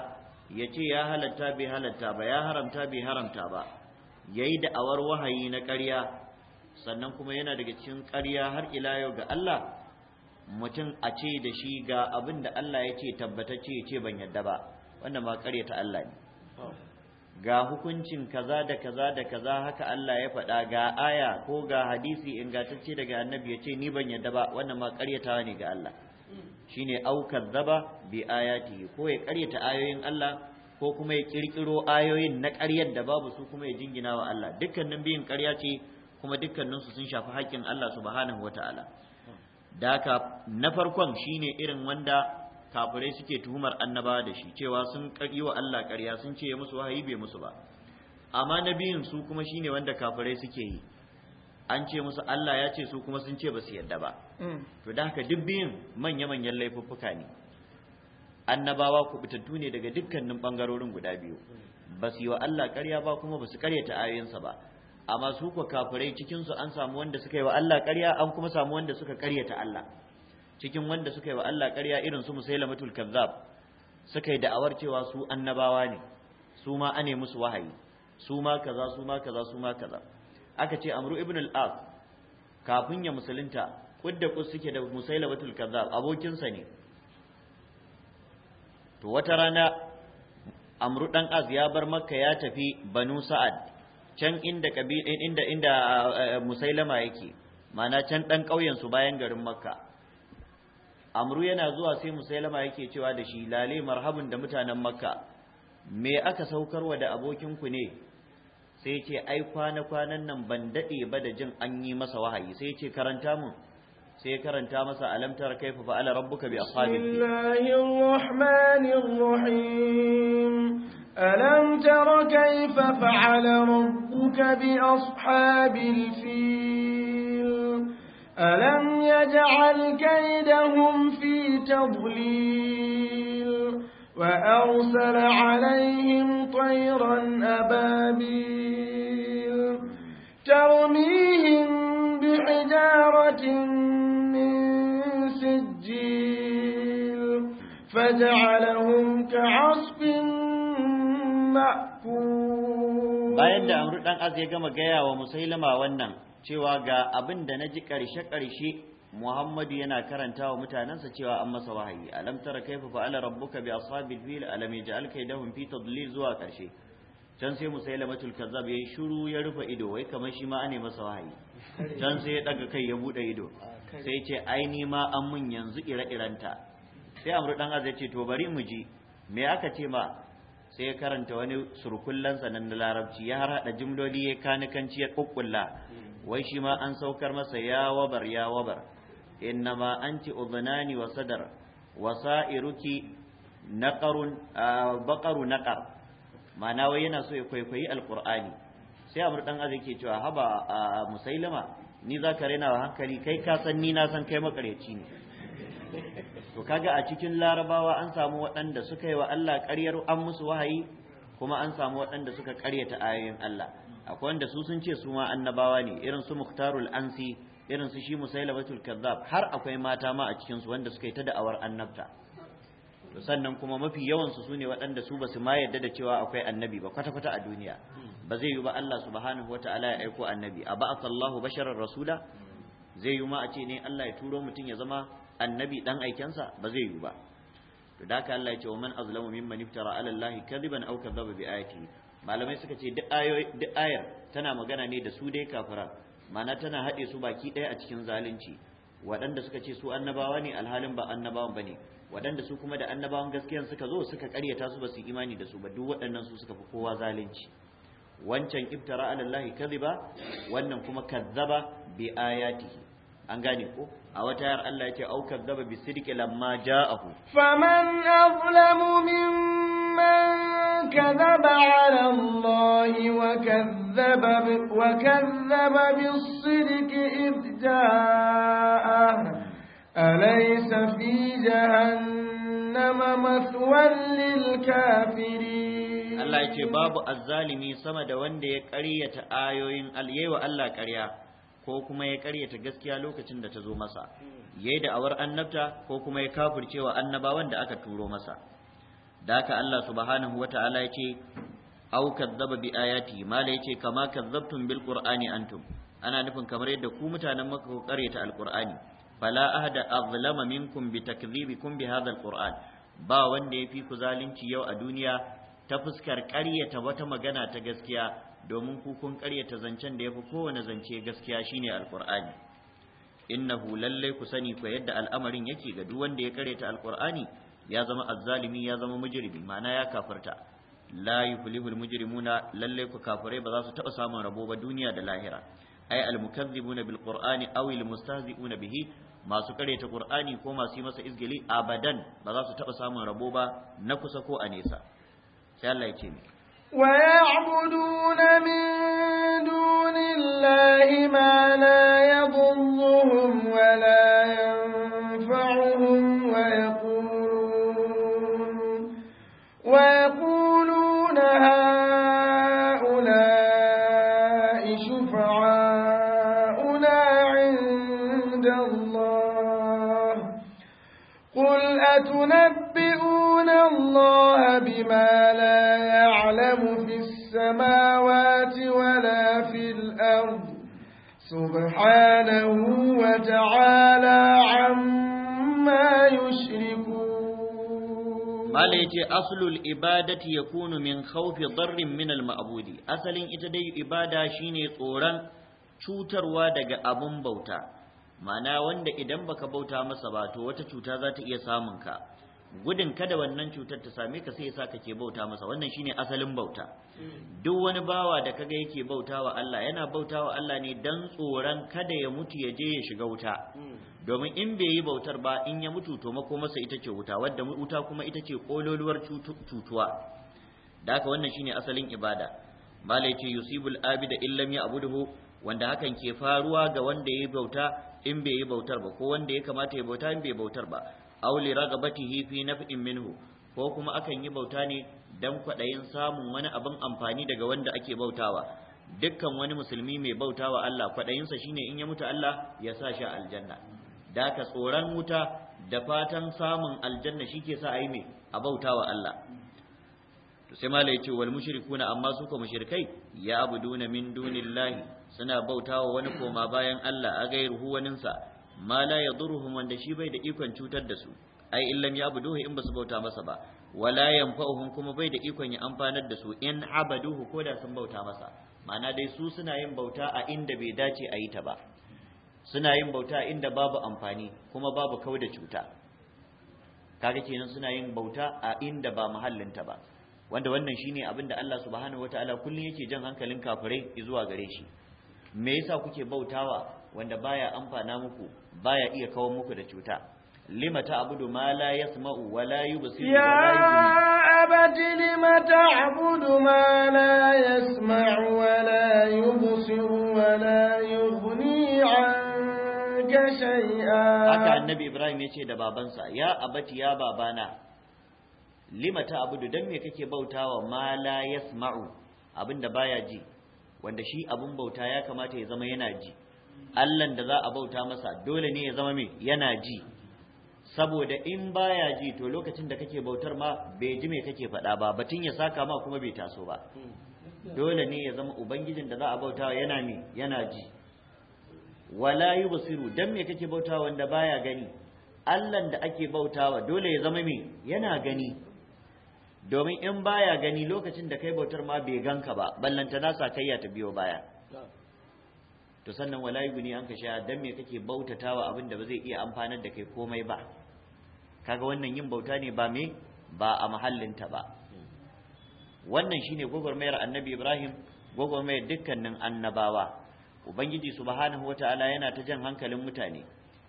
Speaker 3: ya ce ya halatta bai halatta ba ya haramta bai haramta ba ya yi da'awar wahayi na ƙarya sannan kuma yana daga cikin ƙarya har ila yau ga Allah mutum a ce da shi ga abin da Allah ya ce tabbatacce ya ce ban yadda ba wannan ma ta Allah
Speaker 4: ne
Speaker 3: ga hukuncin kaza da kaza da kaza haka Allah ya faɗa ga aya ko ga hadisi ingantacce daga annabi ya ce ni ban yadda ba wannan ma ta ne ga Allah Shi shine aukar zaba bi ayati ko ya ta ayoyin Allah ko kuma ya kirkiro ayoyin na karyar da babu su kuma ya jingina wa Allah dukkanin biyin karya ce kuma dukkanin sun shafi haƙƙin Allah subhanahu wataala da ka na farkon shine irin wanda kafirai suke tuhumar annabawa da shi cewa sun yi wa Allah ƙarya sun ce ya musu wahayi bai musu ba amma na biyun su kuma shine wanda kafirai suke yi an ce musu Allah ya ce su kuma sun ce ba su yarda ba mm. to da haka duk biyun manya-manyan laifuffuka ne annabawa kubutattu ne daga dukkanin bangarorin guda biyu ba su yi wa Allah ƙarya ba kuma ba su ƙaryata ayoyinsa ba amma su ku kafirai cikinsu an samu wanda suka yi wa Allah ƙarya an kuma samu wanda suka ƙaryata Allah cikin wanda suka yi wa Allah ƙarya irin su musailamatul kazzab suka yi da'awar cewa su annabawa ne su ma ane musu wahayi su ma kaza su ma kaza su ma kaza aka ce amru ibn al-as kafin ya musulunta kudda kus suke da musailamatul kazzab abokinsa ne to wata rana amru dan az ya bar makka ya tafi banu sa'ad can inda inda inda eh, musailama yake mana can dan ƙauyen su bayan garin makka amru yana zuwa sai musailama yake cewa da shi lale marhabun da mutanen makka me aka saukarwa da abokinku ne sai ce ai kwana-kwanan nan ban daɗe ba da jin an yi masa wahayi sai ce karanta mu sai karanta masa alamtar kaifa fa'ala rabbuka bi ashabihi
Speaker 2: bismillahir rahmanir ألم تر كيف فعل ربك بأصحاب الفيل ألم يجعل كيدهم في تضليل وأرسل عليهم طيرا أبابيل ترميهم بحجارة من سجيل فجعلهم كعصف bayan da Amru
Speaker 3: dan Az ya gama gaya wa Musailama wannan cewa ga abin da naji karshe karshe Muhammadu yana karanta wa mutanensa cewa an masa wahayi alam tara kaifa fa'ala rabbuka bi ashabil fil alam yaj'al kaydahum fi tadlil zuwa karshe can sai musailamatul kazzab yayi shiru ya rufe ido wai kamar shi ma ane masa wahayi can sai ya daga kai ya bude ido sai ce ai ni ma an mun yanzu ire-irenta sai amru dan az ya ce to bari mu ji me aka ce ma sai ya karanta wani surkullansa sanan na larabci ya har haɗa jimloli ya kanikanci ya kukkulla wai shi ma an saukar masa ya wabar ya wabar an anti uzunani wa sadar wa sa'iruki naqarun baqaru naqar ma'ana wai yana so ya kwaikwayi alqur'ani sai amur dan azai ke cewa haba musailama ni zaka ka wa hankali kai ka san ni na san kai makareci ne to kaga a cikin larabawa an samu waɗanda suka yi wa Allah ƙaryar an musu wahayi kuma an samu waɗanda suka ƙaryata ayoyin Allah akwai wanda su sun ce su ma annabawa ne irin su Muktarul Ansi irin su shi Musailabatul Kazzab har akwai mata ma a cikin su wanda suka yi ta da'awar annabta to sannan kuma mafi yawan su sune waɗanda su basu ma yadda da cewa akwai annabi ba kwata kwata a duniya ba zai yi ba Allah subhanahu wataala ya aiko annabi a ba'athallahu basharar rasula zai yi ma a ce ne Allah ya turo mutum ya zama annabi dan aikensa ba zai yiwu ba to da haka Allah ya ce wa man azlamu mimman iftara ala Allah kadiban aw kadzaba bi ayati malamai suka ce duk ayoyi duk ayar tana magana ne da su dai kafira mana tana haɗe su baki ɗaya a cikin zalunci waɗanda suka ce su annabawa ne alhalin ba annabawan bane waɗanda su kuma da annabawan gaskiyan suka zo suka ƙaryata su ba su imani da su ba duk waɗannan su suka fi kowa zalunci wancan iftara ala Allah kadiba wannan kuma kadzaba bi ayatihi an gane ko a wata yar Allah yake au kazzaba bi sidqi lamma ja'ahu
Speaker 2: faman azlamu mimman kazzaba 'ala Allahi wa kazzaba wa kazzaba bis sidqi id alaysa fi jahannama mathwan lil kafirin Allah
Speaker 3: yake babu azzalimi sama da wanda ya ƙaryata ayoyin al wa Allah ƙarya ko kuma ya karyata gaskiya lokacin da ta zo masa yayi da awar annabta ko kuma ya kafircewa annabawan da aka turo masa da haka Allah subhanahu wata'ala ya ce au kadzaba bi ayati mala yace kama kadzabtum bil qur'ani antum ana nufin kamar yadda ku mutanen maka ku karyata alqur'ani fala ahada azlama minkum bi takdhibikum bi hadha alqur'an ba wanda yafi ku zalunci yau a duniya ta fuskar ƙaryata wata magana ta gaskiya domin kukun karyata zancen da ya fi kowane zance gaskiya shine alƙur'ani innahu lallai ku sani ku yadda al'amarin yake ga duk wanda ya ƙaryata alƙur'ani ya zama azzalimi ya zama mujrimi ma'ana ya kafarta la yuflihul mujrimuna lallai ku kafirai ba za su taɓa samun rabo ba duniya da lahira ay almukazzibuna bilqur'ani aw almustahzi'una bihi masu ƙaryata qur'ani ko masu yi masa izgili abadan ba za su taba samun rabo ba na kusa ko a nesa sai Allah ya ce
Speaker 1: ويعبدون
Speaker 2: من دون الله ما لا يضرهم ولا ينفعهم ويقولون, ويقولون هؤلاء شفعاؤنا عند الله قل أتنبئون الله بما سبحانه وتعالى عما يشركون مالك
Speaker 3: أصل الإبادة يكون من خوف ضر من المعبود أصل إتدي إبادة شيني قورا شوتر وادق أبن بوتا mana wanda idan baka bauta masa ba to wata gudun kada wannan cutar ta same ka sai yasa kake bauta masa wannan shine asalin bauta duk wani bawa da kaga yake wa Allah yana bauta wa Allah ne dan tsoron kada ya mutu ya je ya shiga wuta domin in bai yi bautar ba in ya mutu to masa ita ce wuta wadda wuta kuma ita ce kololuwar cutuwa da haka wannan shine asalin ibada malai ce yusibul abida illam ya abuduhu wanda hakan ke faruwa ga wanda ya bauta in bai yi bautar ba ko wanda ya kamata ya bauta in bai bautar ba aw li ragabatihi fi naf'in minhu ko kuma akan yi bauta ne dan kwadayin samun wani abin amfani daga wanda ake bautawa dukkan wani musulmi mai bautawa Allah sa shine in ya mutu Allah ya sa shi aljanna da ka tsoron wuta da fatan samun aljanna shi ke sa a yi mai a bauta wa Allah to sai malai yace wal mushrikuna amma su ko mushrikai ya abuduna min dunillahi suna bautawa wani koma bayan Allah a gairu waninsa ma la yadurruhum wanda shi bai da ikon cutar da su ai illam ya abuduhu in basu bauta masa ba wala yanfa'uhum kuma bai da ikon ya amfanar da su in abaduhu ko da sun bauta masa ma'ana dai su suna yin bauta a inda bai dace a yi ta ba suna yin bauta a inda babu amfani kuma babu kauda cuta kaga kenan suna yin bauta a inda ba muhallin ta ba wanda wannan shine abin da Allah subhanahu wataala kullun yake jan hankalin kafirai zuwa gare shi me yasa kuke bautawa wanda baya amfana muku baya iya kawo muku da cuta lima ta'budu ma la yasma'u wa la yubsiru ya
Speaker 2: abati lima ta'budu ma la yasma'u wa la yubsiru wa la yughni 'anka shay'a haka
Speaker 3: annabi ibrahim yace da babansa ya abati ya babana lima ta'budu dan me kake bautawa ma la yasma'u abinda baya ji wanda shi abun bauta ya kamata ya zama yana ji Allahn da za a bauta masa dole ne ya zama mai yana ji saboda in baya ji to lokacin da kake bautar ma bai ji mai kake faɗa ba batun ya saka ma kuma bai taso ba dole ne ya zama ubangijin da za a bauta yana mai yana ji wala yubsiru dan me kake bauta wanda baya gani Allahn da ake bautawa dole ya zama mai yana gani domin in baya gani lokacin da kai bautar ma bai ganka ba ballantana sa kayya ta biyo baya to sannan wala guni an ka sha dan me kake bautatawa abin da ba zai iya amfanar da kai komai ba kaga wannan yin bauta ne ba me ba a mahallin ta ba wannan shine gwagwarmayar annabi Ibrahim gwagwarmayar dukkanin annabawa ubangiji subhanahu wataala yana ta jan hankalin mutane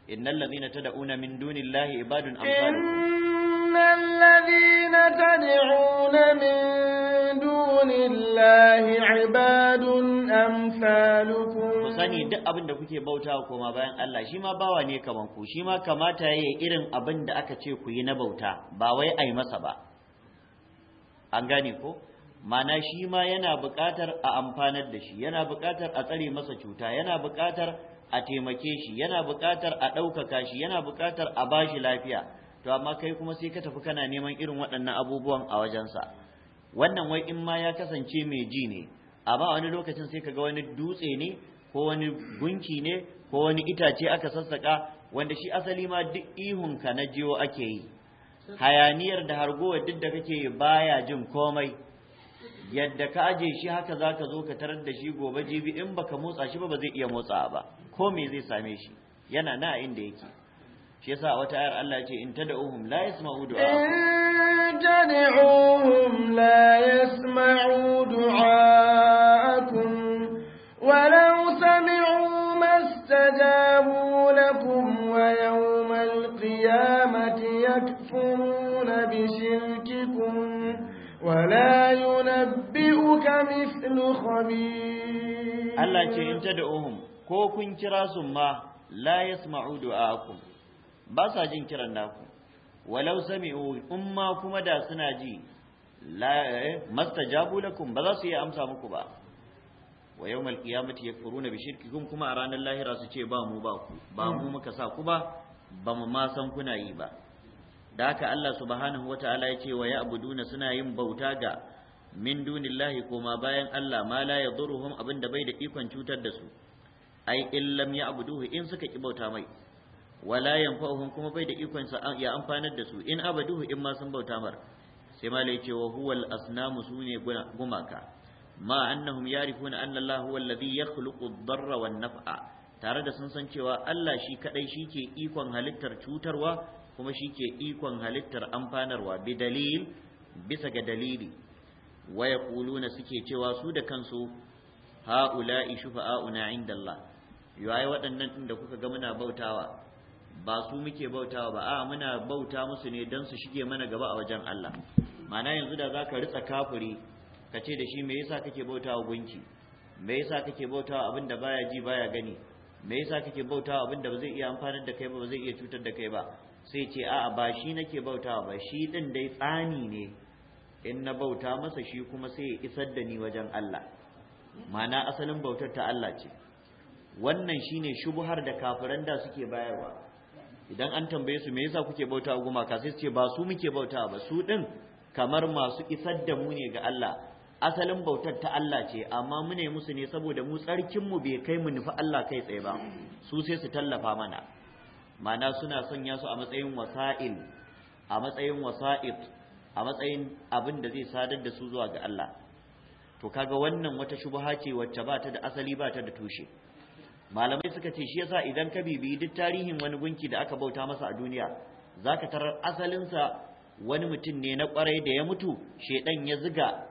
Speaker 3: innal ladina tad'una min dunillahi ibadun amsalukum
Speaker 2: الذين تدعون من دون الله عباد أمثالكم sani
Speaker 3: duk abin da kuke bautawa koma bayan Allah shi bawa ne kaman ku shi ma kamata yayi irin abin da aka ce ku yi na bauta ba wai yi masa ba an ko mana shi ma yana buƙatar a amfanar da shi yana buƙatar a tsare masa cuta yana buƙatar a taimake shi yana buƙatar a ɗaukaka shi yana buƙatar a bashi lafiya to amma kai kuma sai ka tafi kana neman irin waɗannan abubuwan a wajensa wannan wai in ma ya kasance mai ji ne amma wani lokacin sai ka ga wani dutse ne ko wani gunki ne ko wani itace aka sassaka wanda shi asali ma duk ka na jiwo ake yi hayaniyar da hargowa duk da kake baya jin komai yadda ka aje shi haka za ka zo ka tarar da shi gobe jibi in baka motsa shi ba ba zai iya motsa ba ko me zai same shi yana na inda yake shi yasa wata ayar Allah ce in tad'uhum la yasma'u du'a
Speaker 2: in tad'uhum la yasma'u du'aakum walau sami'u mastajabu lakum wa yawmal qiyamati yakfuruna bi shirkikum wa la yunabbi'uka mithlu khabir Allah ce in
Speaker 3: tad'uhum ko kun kira su ma la yasma'u du'aakum ba sa jin kiran naku walau sami'u umma kuma da suna ji eh, mastajabu lakum ba za su iya amsa muku ba wa yawmal qiyamati yakfuruna bi shirkikum kuma a ranar lahira su ce ba mu ba ku ba mu hmm. muka sa ku ba ba mu ma san kuna yi ba
Speaker 1: da haka Allah subhanahu wataala ya ce wa ya'buduna suna yin bauta ga
Speaker 3: min dunillahi koma bayan Allah ma la yadurruhum abinda bai da ikon cutar da su ai illam ya'buduhu in suka ki bauta mai wala yanfa'uhum kuma bai da ikon sa ya amfanar da su in abaduhu in ma sun bauta mar sai ma lai cewa huwal asnamu sune gumaka ma annahum yarifuna anna Allah huwa alladhi yakhluqu ad-darra wan naf'a tare da sun san cewa Allah shi kadai shike ikon halittar cutarwa kuma shike ikon halittar amfanarwa bi dalil bisa ga dalili wa yaquluna suke cewa su da kansu ha'ula'i shufa'auna 'inda Allah yayi waɗannan da kuka ga muna bautawa ba su muke bauta ba a muna bauta musu ne don su shige mana gaba a wajen Allah Mana yanzu da zaka ritsa kafuri ka ce da shi me yasa kake bautawa gunki me yasa kake bautawa abin da baya ji baya gani me yasa kake bautawa abin da ba zai iya amfanar da kai ba ba zai iya cutar da kai ba sai ce a'a ba shi nake bautawa ba shi din dai tsani ne in na bauta masa shi kuma sai ya isar da ni wajen Allah ma'ana asalin bautar ta Allah ce wannan shine shubuhar da kafiran da suke bayarwa idan an tambaye su me yasa kuke bauta gumaka sai su ce ba su muke bauta ba su din kamar masu isar da mu ne ga Allah asalin bautar ta Allah ce amma mu ne musu ne saboda mu tsarkin mu bai kai mu nufi Allah kai tsaye ba su sai su tallafa mana
Speaker 1: ma'ana suna sanya su a matsayin wasa'il
Speaker 3: a matsayin wasa'it a matsayin abin da zai sadar da su zuwa ga Allah to kaga wannan wata shubha ce wacce ba ta da asali ba ta da tushe malamai suka ce shi yasa idan ka bibiyi duk tarihin wani gunki da aka bauta masa a duniya zaka tarar asalinsa wani mutum ne na kwarai da ya mutu shedan ya ziga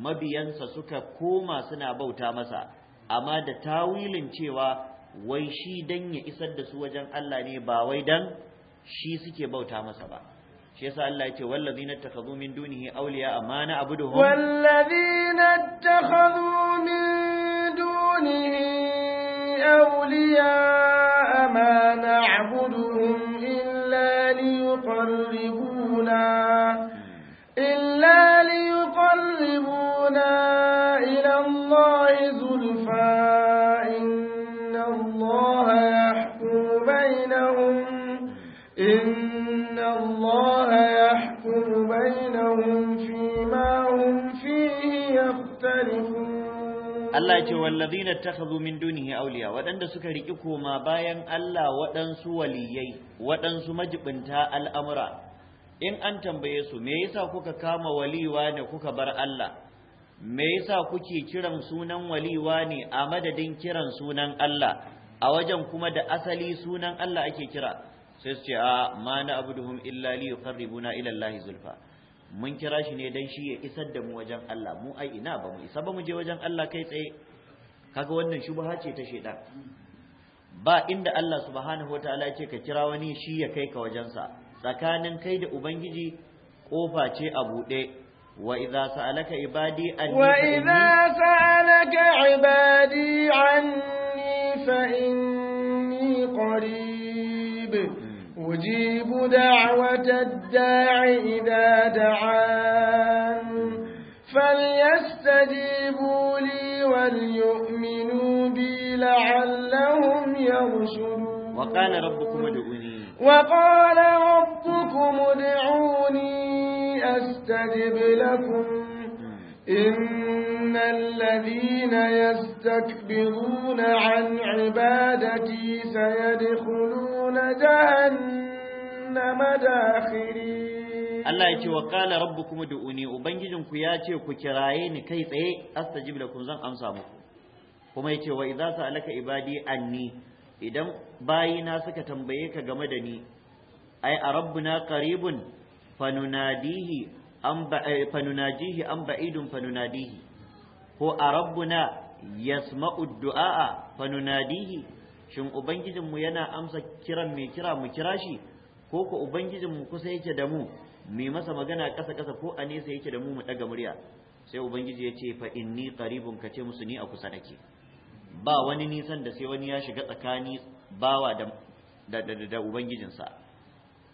Speaker 3: mabiyansa suka koma suna bauta masa amma da tawilin cewa wai shi dan ya isar da su wajen Allah ne ba wai dan shi suke bauta masa ba shi yasa Allah ya ce wallazina takhadhu min dunihi awliya amana abuduhum
Speaker 2: wallazina takhadhu min dunihi أولياء ما نعبدهم إلا ليقربونا إلا ليقربونا إلى الله زلفان Allah ce
Speaker 3: wallazina takhadhu min dunihi awliya waɗanda suka riki koma bayan Allah waɗansu waliyai waɗansu majibinta al'amura in an tambaye su me yasa kuka kama waliwa ne kuka bar Allah me yasa kuke kiran sunan waliwa ne a madadin kiran sunan Allah a wajen kuma da asali sunan Allah ake kira sai su ce a ma na abuduhum illa li yuqarribuna ila Allahi zulfa mun kira shi ne dan shi ya isar da mu wajen Allah mu ai ina ba mu isa ba mu je wajen Allah kai tsaye kaga wannan shubha ce ta shedan ba inda Allah subhanahu wataala ce ka kira wani shi ya kai ka sa tsakanin kai da ubangiji kofa ce a bude. wa idza sa'alaka ibadi
Speaker 2: anni wa idza sa'alaka ibadi anni fa inni qarib أجيب دعوة الداع إذا دعان فليستجيبوا لي وليؤمنوا بي لعلهم يرشدون وقال
Speaker 3: ربكم ادعوني
Speaker 2: وقال ربكم ادعوني أستجب لكم إن الذين يستكبرون عن عبادتي سيدخلون jahannama dakhiri Allah ya ce wa qala
Speaker 3: rabbukum du'uni ubangijinku ya ce ku kiraye ni kai tsaye astajib lakum zan amsa muku kuma yace wa idza sa'alaka ibadi anni idan bayina suka tambaye ka game da ni ai a rabbuna qaribun fanunadihi am fanunajihi am ba'idun fanunadihi ko a rabbuna yasma'u du'a fanunadihi shin ubangijinmu yana amsa kiran mai kira mu kira shi ko ko ubangijinmu kusa yake da mu mai masa magana ƙasa ƙasa ko a nesa yake da mu mu ɗaga murya sai ubangiji ya ce fa inni qaribun ka ce musu ni a kusa nake ba wani nisan da sai wani ya shiga tsakani bawa da da, da ubangijinsa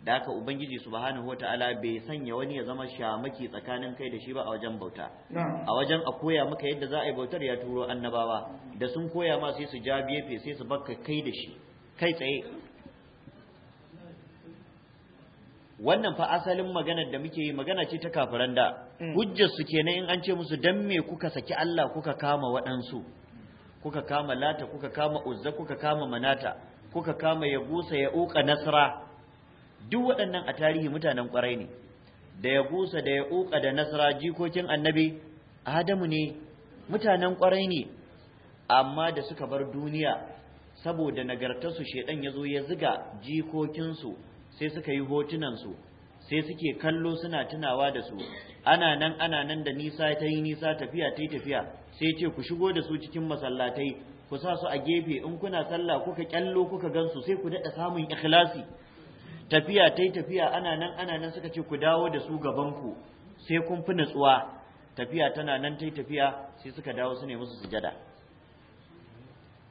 Speaker 3: da haka ubangiji subhanahu wataala bai sanya wani ya zama shamaki tsakanin kai da shi ba a wajen bauta a wajen a koya maka yadda za a yi bautar ya turo annabawa da sun koya ma sai su ja gefe sai su baka kai da shi kai tsaye wannan fa asalin maganar da muke yi magana ce ta kafiran da mm. hujjar su kenan in an ce musu dan me kuka saki Allah kuka kama waɗansu kuka kama lata kuka kama uzza kuka kama manata kuka kama Yagusa ya uka nasra duk waɗannan a tarihi mutanen ƙwarai ne da ya gusa da ya uƙa da nasara jikokin annabi adamu ne mutanen ƙwarai ne amma da suka bar duniya saboda nagartarsu shaidan ya zo ya ziga jikokinsu sai suka yi hotunansu sai suke kallo suna tunawa da su ana nan ana nan da nisa ta yi nisa tafiya ta yi tafiya sai ce ku shigo da su cikin masallatai ku sa su a gefe in kuna sallah kuka kyallo kuka gansu sai ku daɗa samun ikhlasi tafiya ta yi tafiya ana nan ana nan suka ce ku dawo da su gabanku sai kun fi natsuwa tafiya tana nan ta yi tafiya sai suka dawo su ne musu sujada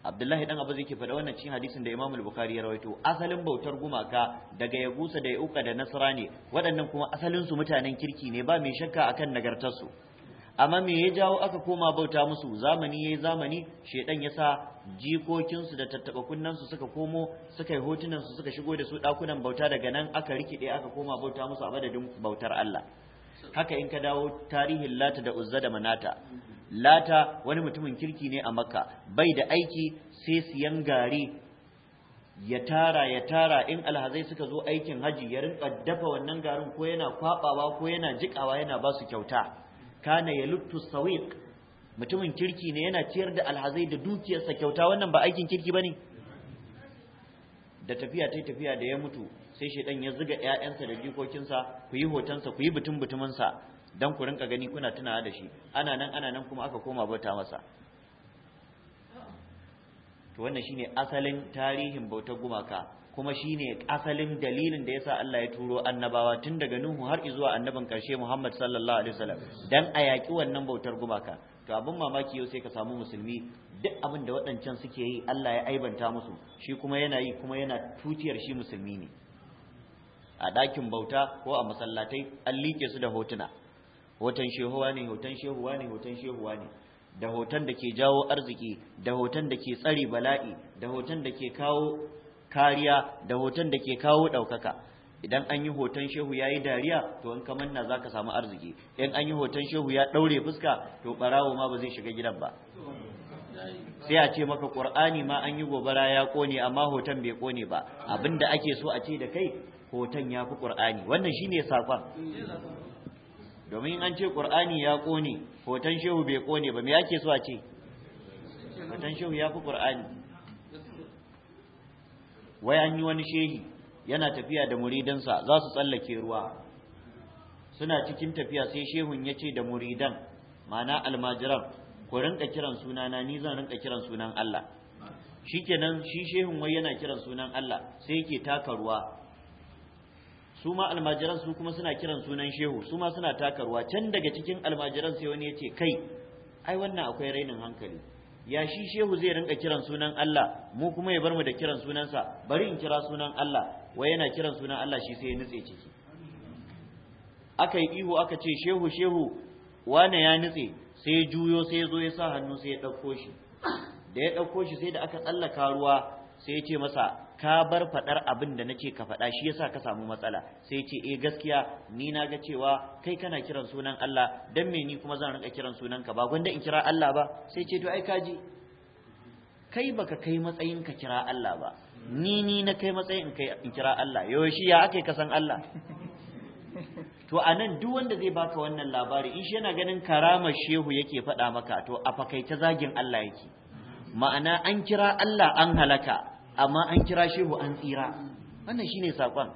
Speaker 3: abdullahi dan abu zai ke faɗa wannan cikin hadisin da imamul bukari ya rawaito asalin bautar gumaka daga ya yagusa da ya uka da nasara ne waɗannan kuma asalinsu mutanen kirki ne ba mai shakka akan nagartarsu amma me ya jawo aka koma bauta musu zamani ya yi zamani shaidan ya sa jikokinsu da tattaba kunnansu suka komo suka yi hotunansu suka shigo da su ɗakunan bauta daga nan aka rikide aka koma bauta musu a madadin bautar Allah haka in ka dawo tarihin lata da uzza da manata lata wani mutumin kirki ne a makka bai da aiki sai siyan gari ya tara ya tara in alhazai suka zo aikin haji ya rinka dafa wannan garin ko yana kwabawa ko yana jikawa yana ba su kyauta kana ya luttu sawiq mutumin kirki ne yana ciyar da alhazai da dukiyarsa kyauta wannan ba aikin kirki ba ne? da tafiya ta tafiya da ya mutu sai ɗan ya zuga 'ya'yansa da jikokinsa ku yi hotonsa ku yi butun butumansa don ku rinka gani kuna tunawa da shi ana nan ana nan kuma aka koma bauta masa to wannan shine asalin tarihin bautar gumaka kuma shine asalin dalilin da yasa Allah ya turo annabawa tun daga Nuhu har zuwa annabin karshe Muhammad sallallahu alaihi wasallam dan a yaki wannan bautar gumaka to abin mamaki yau sai ka samu musulmi duk abin da waɗancan suke yi Allah ya aibanta musu shi kuma yana yi kuma yana tutiyar shi musulmi ne a ɗakin bauta ko a masallatai an liƙe su da hotuna hoton shehuwa ne hoton shehuwa ne hoton shehuwa ne da hoton da ke jawo arziki da hoton da ke tsare bala'i da hoton da ke kawo kariya da hoton da ke kawo ɗaukaka idan an yi hoton shehu ya yi dariya to in kamar na za ka samu arziki in an yi hoton shehu ya ɗaure fuska to ɓarawo ma ba zai shiga gidan ba sai a ce maka ƙur'ani ma an yi gobara ya ƙone amma hoton bai ƙone ba abinda ake so a ce da kai hoton ya fi ƙur'ani wannan shi ne safon domin an ce ƙur'ani ya ƙone hoton shehu bai ƙone ba me ake so a ce hoton shehu ya fi ƙur'ani wai an yi wani shehi yana tafiya da muridansa za su tsallake ruwa suna cikin tafiya sai shehun ya ce da muridan ma'ana almajiran ku rinka kiran sunana ni zan rinka kiran sunan Allah shikenan shi shehun wai yana kiran sunan Allah sai yake taka ruwa su ma almajiran su kuma suna kiran sunan shehu su ma suna taka ruwa can daga cikin almajiran sai wani ya ce kai ai wannan akwai rainin hankali ya shi shehu zai rinka kiran sunan Allah mu kuma ya bar mu da kiran sunansa bari in kira sunan Allah wai yana kiran sunan Allah shi sai ya nutse ciki aka yi ihu aka ce shehu shehu wane ya nutse sai juyo sai ya zo ya sa hannu sai ya ɗauko shi da ya ɗauko shi sai da aka tsallaka ruwa sai ya ce masa ka bar faɗar abin da nake ka faɗa shi yasa ka samu matsala sai ce eh gaskiya ni na ga cewa kai kana kiran sunan Allah dan me ni kuma zan rinka kiran sunan ka ba gwanda in kira Allah ba sai ce to ai kaji kai baka kai matsayin ka kira Allah ba ni ni na kai matsayin kai in kira Allah yoshi ya ake ka Allah [laughs] to anan duk wanda zai baka wannan labari in shi yana ganin karama shehu yake faɗa maka to a fakaita zagin Allah yake ma'ana an kira Allah an halaka amma an kira shehu an tsira wannan shine sakon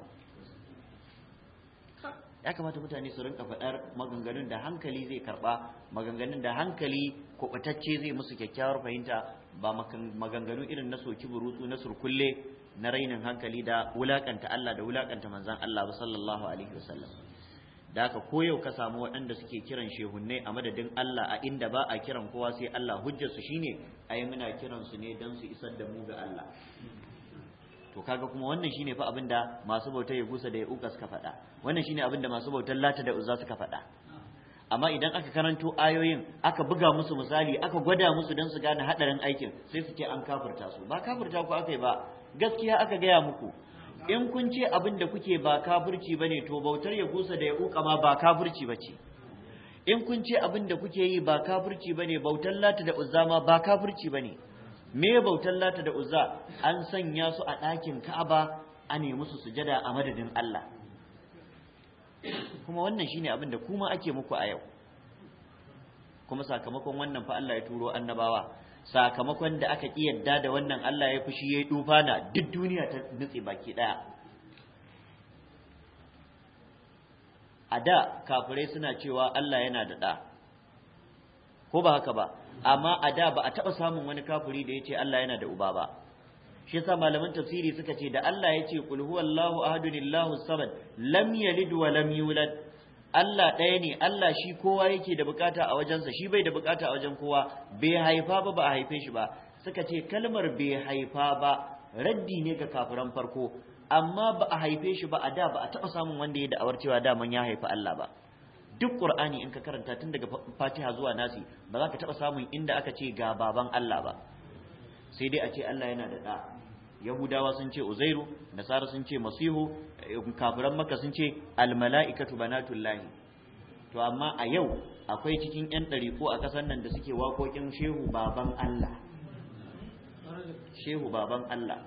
Speaker 3: ya kamata mutane su rinka faɗar maganganun da hankali zai karɓa maganganun da hankali kwabatacce zai musu kyakkyawar fahimta ba maganganu irin na soki burutu na surkulle na rainin hankali da wulakanta Allah da wulakanta manzan Allah ba sallallahu alaihi wasallam da haka koyau ka samu waɗanda suke kiran shehunne a madadin Allah a inda ba a kiran kowa sai Allah hujjar su shine ai muna kiran ne dan su isar da mu ga Allah to kaga kuma wannan shine fa abinda masu bautar ya gusa da ya uka suka faɗa wannan shine abinda masu bautar lata da Uza suka faɗa amma idan aka karanto ayoyin aka buga musu misali aka gwada musu don su gane hadarin aikin sai su ce an kafirta su ba kafirta ku aka ba gaskiya aka gaya muku in kun ce abin da kuke ba kafirci bane to bautar ya gusa da ya uka ma ba kafirci bace in kun ce abin da kuke yi ba kafirci bane bautar lata da uzza ma ba kafirci bane me bautar lata da uzza an sanya su a ɗakin ka'aba a nemi su sujada a madadin Allah kuma wannan shi ne abinda kuma ake muku a yau kuma sakamakon wannan fa Allah ya turo annabawa sakamakon da aka ƙi yadda da wannan Allah ya fushi ya yi dufana duk duniya ta nutse baki ɗaya. a da kafirai suna cewa Allah yana da ɗa, ko ba haka ba amma a da ba a taɓa samun wani kafiri da ya ce Allah yana da uba ba shi yasa malaman tafsiri suka ce da Allah ya ce qul huwallahu ahadun illahu samad lam yalid wa lam yulad Allah ɗaya ne Allah shi kowa yake da bukata a wajensa shi bai da bukata a wajen kowa bai haifa ba ba a haife shi ba suka ce kalmar bai haifa ba raddi ne ga kafiran farko amma ba a haife shi ba a da ba a taɓa samun wanda ya da'awar cewa daman ya haifi Allah ba duk Qur'ani in ka karanta tun daga Fatiha zuwa Nasi ba za ka taɓa samun inda aka ce ga baban Allah ba sai dai a ce Allah yana da da. yahudawa sun ce uzairu nasara sun ce masihu kafiran makka sun ce almala'ikatu banatullahi to amma a yau akwai cikin yan ko a ƙasar nan da suke waƙoƙin shehu baban Allah shehu baban Allah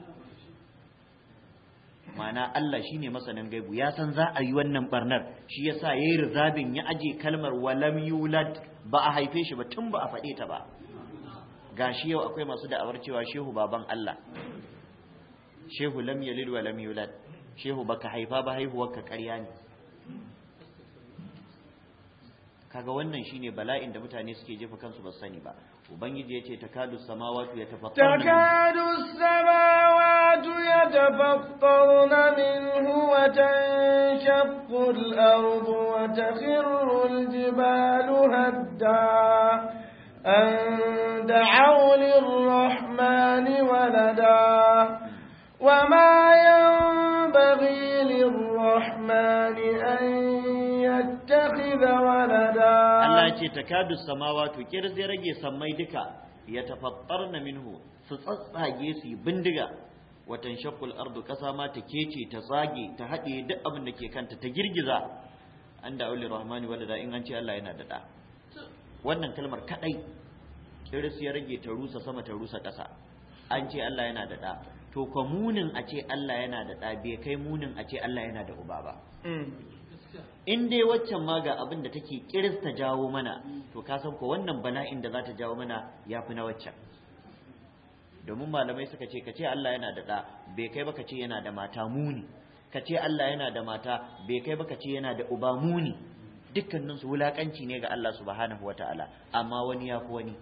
Speaker 3: mana Allah shine masanin gaibu ya san za a yi wannan barnar shi yasa yayi rizabin ya aje kalmar walam yulad ba a haife shi ba tun ba a faɗe ta ba gashi yau akwai masu da'awar cewa shehu baban Allah shehu lam yalid wa lam yulad shehu baka haifa ba haihuwarka ƙarya ne kaga wannan shine bala'in da mutane suke jefa kansu ba sani ba ubangiji yace takadu samawati yatafattarna takadu
Speaker 2: samawati yatafattarna minhu wa tanshaqqu al-ardu wa takhirru al-jibalu hadda an da'u lir-rahmani walada وما ينبغي للرحمن أن يتخذ ولدا الله
Speaker 3: يتي تكاد السماوات كيرز يرجي سمي دكا يتفطرن منه ستصاجي سي بندغا وتنشق الأرض كساما تكيتي تزاجي تهدي دأب نكي كانت تجرجزا عند أولي الرحمن ولدا إن أنت الله ينادى wannan kalmar kadai kiris ya rage ta rusa sama ta rusa ƙasa an ce Allah yana da ɗa to ka munin a ce Allah yana da ɗa kai munin a ce Allah yana da uba ba mm. in dai waccan ma ga abin da take kirista jawo mana to ka san ko wannan bala'in da za ta jawo mana ya fi na waccan domin malamai suka ce ka ce Allah yana da ɗa bai kai ba ka ce yana da mata muni ka ce Allah yana da mata bai kai ba ka ce yana da uba muni dukkaninsu wulakanci ne ga Allah subhanahu wataala amma wani ya fi wani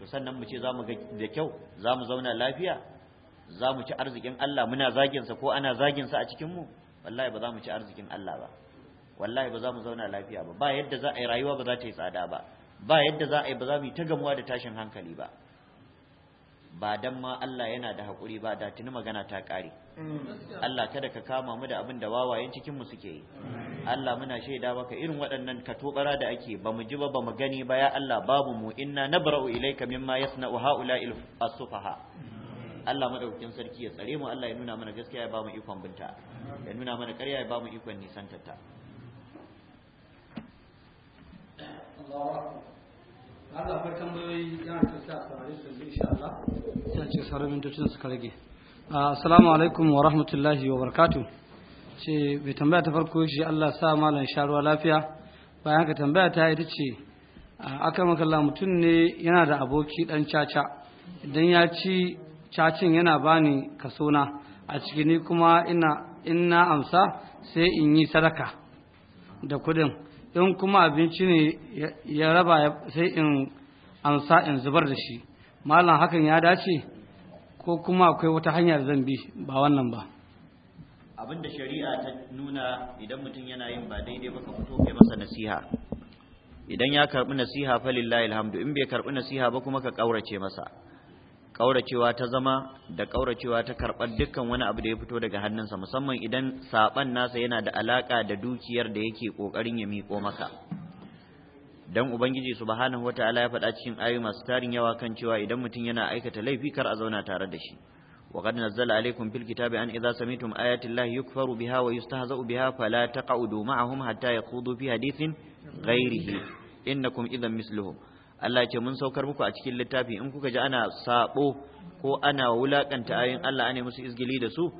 Speaker 3: to sannan mu ce za mu ga da kyau za mu zauna lafiya za mu ci arzikin Allah muna zaginsa ko ana zaginsa a cikinmu wallahi ba za mu ci arzikin Allah ba wallahi ba za mu zauna lafiya ba ba yadda za a yi rayuwa ba za ta yi tsada ba ba yadda za a yi ba za mu yi ta gamuwa da tashin hankali ba ba dan ma Allah yana da haƙuri ba da tuni magana ta ƙare Allah kada ka kama mu da abin da wawayen cikin mu suke yi Allah muna shaida baka irin waɗannan ka tobara da ake ba mu ji ba ba mu gani ba ya Allah babu mu inna nabra'u ilayka mimma yasna'u ha'ula'il as-sufaha Allah madaukakin sarki ya tsare mu Allah ya nuna mana gaskiya ya ba mu ikon binta ya nuna mana ƙarya ya ba mu ikon nisan tatta
Speaker 1: Allah farkan tambayoyi yana tattara samarin su insha Allah sai ce sarumin mintocin su rage Ah, assalamu alaikum wa rahmatullahi wa barakatu ce bai tambaya ta farko shi Allah sa malam sharuwa lafiya bayan ka tambaya ta ita ce akan makalla mutum ne yana da aboki dan caca idan ya ci cacin yana bani kasona a ciki ni kuma ina in amsa sai in yi sadaka da kudin in kuma abinci ne ya raba sai in amsa in zubar da shi malam hakan ya dace ko kuma akwai wata hanyar zan bi ba wannan ba
Speaker 3: abinda shari'a ta nuna idan mutum yana yin ba daidai ba ka fito kai masa nasiha idan ya karbi nasiha fa lillahi alhamdu in bai karbi nasiha ba kuma ka kaurace masa kauracewa ta zama da kauracewa ta karbar dukkan wani abu da ya fito daga hannunsa musamman idan saban nasa yana da alaka da dukiyar da yake kokarin ya miko maka dan ubangiji subahana wata'ala ya faɗa cikin ayu masu tarin yawa kan cewa idan mutum yana aikata laifi kar a zauna tare da shi wa qad nazzala fil kitabi an idza samitum ayati llahi yukfaru biha wa yustahza'u biha fala taq'udu ma'ahum hatta yaqudu fi hadithin ghairihi innakum idhan misluhum Allah ce mun saukar muku a cikin littafi in kuka ji ana sabo ko ana wulakanta ayin Allah ne musu izgili da su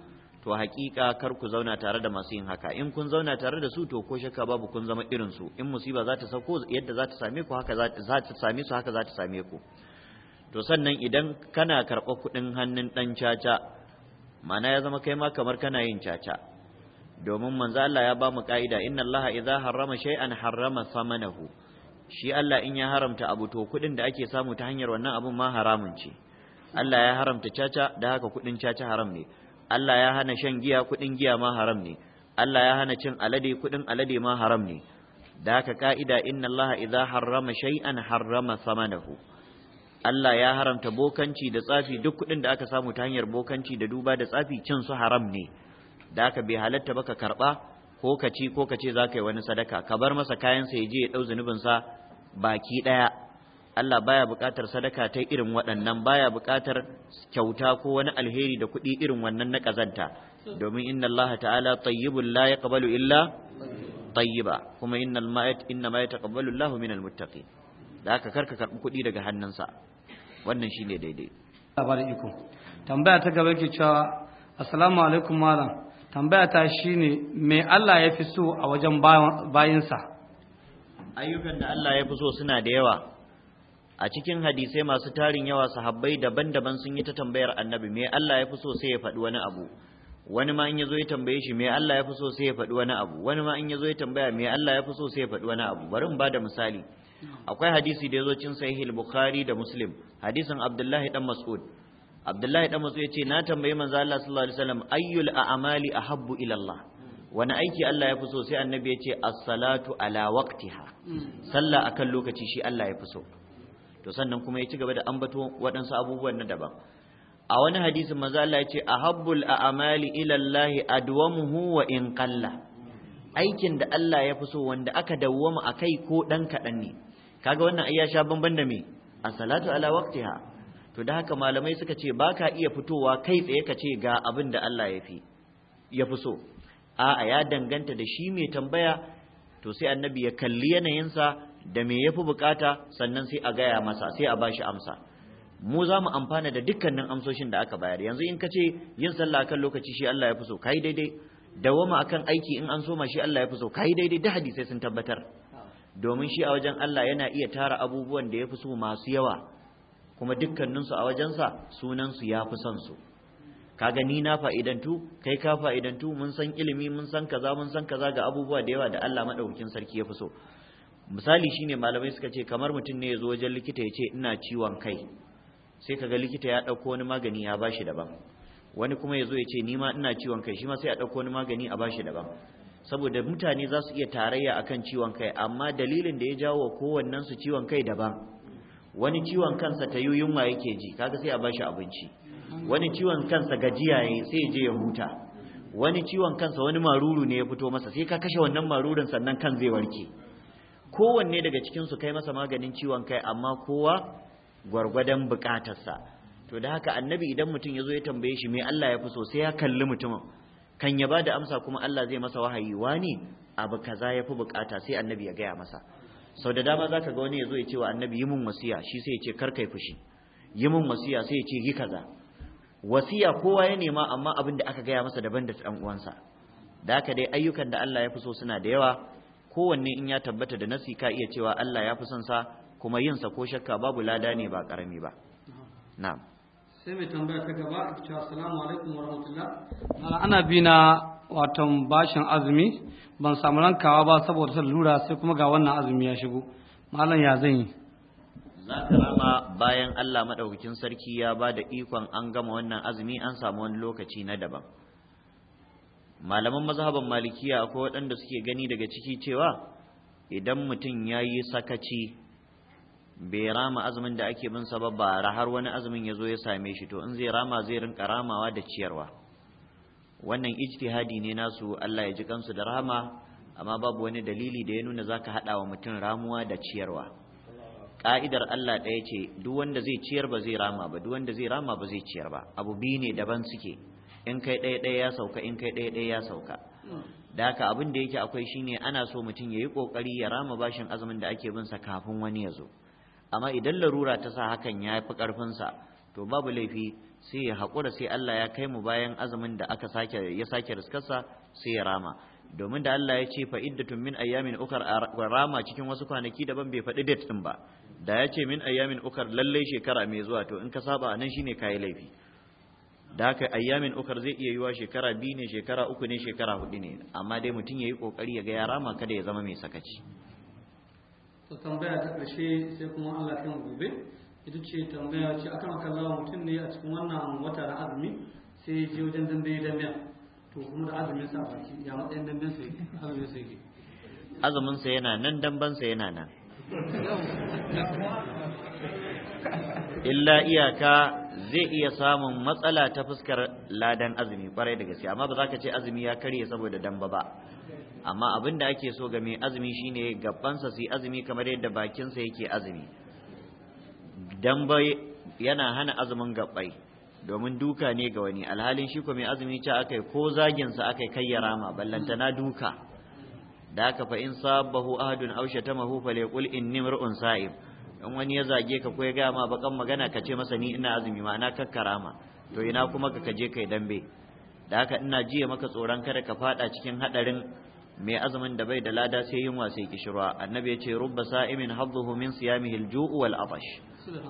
Speaker 3: to hakika kar ku zauna tare da masu yin haka in kun zauna tare da su to ko shakka babu kun zama irin su in musiba za ta sauko yadda za ta same ku haka za ta same su haka za ta same ku to sannan idan kana karɓar kuɗin hannun ɗan caca mana ya zama kai ma kamar kana yin caca domin manzo Allah ya ba mu ka'ida inna Allah idza harrama shay'an harrama samanahu shi Allah in ya haramta abu to kuɗin da ake samu ta hanyar wannan abun ma haramun ce Allah ya haramta caca da haka kuɗin caca haram ne Allah ya hana shan giya kuɗin giya ma haram ne Allah ya hana cin alade kuɗin alade ma haram ne da haka ka'ida inna Allah idza harrama shay'an harrama samanahu Allah ya haramta bokanci da tsafi duk kuɗin da aka samu ta hanyar bokanci da duba da tsafi cin su haram ne da haka bai halatta ba ka karɓa ko ka ci ko ka ce za ka yi wani sadaka ka bar masa kayan sa ya je ya ɗau zunubin sa baki ɗaya Allah baya buƙatar sadaka ta irin waɗannan baya buƙatar kyauta ko wani alheri da kuɗi irin wannan na ƙazanta domin inna Allah ta'ala tayyibun la yaqbalu illa tayyiba kuma inna ma yataqabbalu Allahu minal muttaqin da haka karka karɓi kuɗi daga hannunsa wannan shine daidai
Speaker 1: assalamu tambaya ta gaba ke cewa assalamu alaikum malam tambaya ta shine me Allah ya fi so a wajen bayinsa
Speaker 3: ayyukan da Allah ya fi so suna da yawa a cikin hadisai masu tarin yawa sahabbai daban-daban sun yi ta tambayar annabi me Allah ya fi so sai ya faɗi wani abu wani ma in ya zo ya tambaye shi me Allah ya fi so sai ya faɗi wani abu wani ma in ya zo ya tambaya me Allah ya fi so sai ya faɗi wani abu bari in bada misali akwai hadisi da ya zo cin sahih al-bukhari da muslim hadisin abdullahi dan mas'ud abdullahi dan mas'ud yace na tambayi manzo Allah sallallahu alaihi wasallam ayyul a'mali ahabbu ila Allah wani aiki Allah ya fi so sai annabi yace as-salatu ala waqtiha hmm. sallah akan lokaci shi Allah ya fi so to sannan kuma ya ci gaba da ambato waɗansu abubuwan na daban a wani hadisin maza Allah ya ce a a'mali ilallahi a adwamuhu wa in kalla aikin da Allah ya fi so wanda aka dawwama a kai ko ɗan kaɗan ne kaga wannan ayya ya sha bamban da me a salatu ala waqtiha to da haka malamai suka ce ba ka iya fitowa kai tsaye ka ce ga abin da Allah ya fi so a'a ya danganta da shi mai tambaya to sai annabi ya kalli yanayinsa da me yafi bukata sannan sai a gaya masa sai a bashi amsa mu za mu amfana da dukkanin amsoshin da aka bayar yanzu in ka ce yin sallah akan lokaci shi Allah ya fi so kai daidai dawama akan aiki in an soma shi Allah ya fi so kai daidai da hadisai sun tabbatar domin shi a wajen Allah yana iya tara abubuwan da ya fi so masu yawa kuma dukkaninsu a wajensa sunansu ya fi son su kaga ni na fa'idantu kai ka fa'idantu mun san ilimi mun san kaza mun san kaza ga abubuwa da yawa da Allah madaukakin sarki ya fi so misali shi ne malamai suka ce kamar mutum ne ya zo wajen likita ya ce ina ciwon kai sai kaga likita ya ɗauko wani magani ya bashi daban wani kuma ya zo ya ce ni ma ina ciwon kai shi ma sai a ɗauko wani magani a bashi daban saboda mutane za su iya tarayya akan ciwon kai amma dalilin da ya jawo wa kowannen su ciwon kai daban wani ciwon kansa ta yunwa yake ji kaga sai a bashi abinci wani ciwon kansa gajiya ya sai ya je ya huta wani ciwon kansa wani maruru ne ya fito masa sai ka kashe wannan marurun sannan kan zai warke kowanne daga cikinsu kai masa maganin ciwon kai amma kowa gwargwadon bukatarsa to da haka annabi idan mutum ya zo ya tambaye shi me Allah ya fi so sai ya kalli mutumin kan ya bada amsa kuma Allah zai masa wahayi wani abu kaza ya fi bukata sai annabi ya gaya masa sau da dama zaka ga wani ya zo ya ce wa annabi yi mun wasiya shi sai ya ce kar kai fushi yi mun wasiya sai ya ce yi kaza wasiya kowa ya nema amma abin da aka gaya masa daban da ɗan uwansa da haka dai ayyukan da Allah ya fi so suna da yawa kowanne in ya tabbata da nasi ka iya cewa Allah ya fi son sa kuma yin sa ko shakka babu lada ne ba karami ba na'am
Speaker 1: sai mai tambaya ta gaba a cewa assalamu alaikum wa rahmatullah ah, ana bina na watan bashin azumi ban samu rankawa ba saboda ta lura sai kuma ga wannan azumi ya shigo malam ya zan yi
Speaker 3: za ka rama bayan Allah madaukakin sarki ya ba da ikon an gama wannan azumi an samu wani lokaci na daban malaman mazhaban malikiya akwai waɗanda suke gani daga ciki cewa idan mutum ya yi sakaci bai rama azumin da ake bin ba ra har wani azumin ya zo ya same shi to in zai rama zai rinka ramawa da ciyarwa wannan ijtihadi ne nasu Allah ya ji kansu da rama amma babu wani dalili da ya nuna zaka haɗa wa mutum ramuwa da ciyarwa ka'idar Allah ɗaya ce duk wanda zai ciyar ba zai rama ba duk wanda zai rama ba zai ciyar ba abu biyu ne daban suke in kai ɗaya ɗaya ya sauka in kai ɗaya ɗaya ya sauka da haka abin da yake akwai shine ana so mutum ya yi ƙoƙari ya rama bashin azumin da ake bin sa kafin wani ya zo amma idan larura ta sa hakan ya fi ƙarfinsa to babu laifi sai ya haƙura sai Allah ya kai mu bayan azumin da aka sake ya sake riskarsa sai ya rama domin da Allah ya ce fa iddatun min ayyamin ukar rama cikin wasu kwanaki daban bai faɗi date din ba da ya ce min ayyamin ukar lallai shekara mai zuwa to in ka saba anan shine kayi laifi da haka ayyamin ukar zai iya yiwa shekara biyu ne shekara uku ne shekara hudu ne amma dai mutum ya yi kokari ya ga yara rama kada ya zama mai sakaci
Speaker 1: to tambaya ta ƙarshe sai kuma Allah kan gobe ita ce tambaya ce akan kallon mutum ne a cikin wannan wata na azumi sai ya je wajen dambe damiya to kuma da azumin sa baki ya matsayin damben sa yake azumin sa yake
Speaker 3: azumin sa yana nan damben sa yana nan
Speaker 1: [laughs]
Speaker 3: illa iyaka zai iya samun matsala ta fuskar ladan azumi kwarai da gaske amma ba za ka ce azumi ya karye saboda damba ba amma abin da ake so ga mai azumi shine gabansa su yi azumi kamar yadda bakinsa yake azumi damba yana hana azumin gabbai domin duka ne ga wani alhalin shi ko mai azumi ce akai ko zaginsa akai kai ya rama ballantana duka da aka fa in sabahu ahadun aw fa falyaqul inni mar'un sa'ib in wani ya zage ka ko ya gaya ma bakan magana ka ce masa ni ina azumi ma'ana kakkarama to ina kuma ka kaje kai dambe da haka ina jiya maka tsoron kada ka fada cikin hadarin mai azumin da bai da lada sai yin wasai kishirwa annabi ya ce rubba sa'imin hadduhu min siyamihi al-ju'u wal atash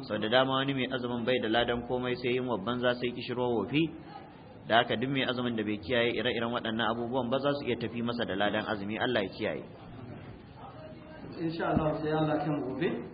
Speaker 3: sau da dama wani mai azumin bai da ladan komai sai yin wabban banza sai kishirwa wofi da haka duk mai azumin da bai kiyaye ire-iren waɗannan abubuwan ba za su iya tafi masa da ladan azumi Allah ya kiyaye
Speaker 1: insha Allah sai Allah kan gobe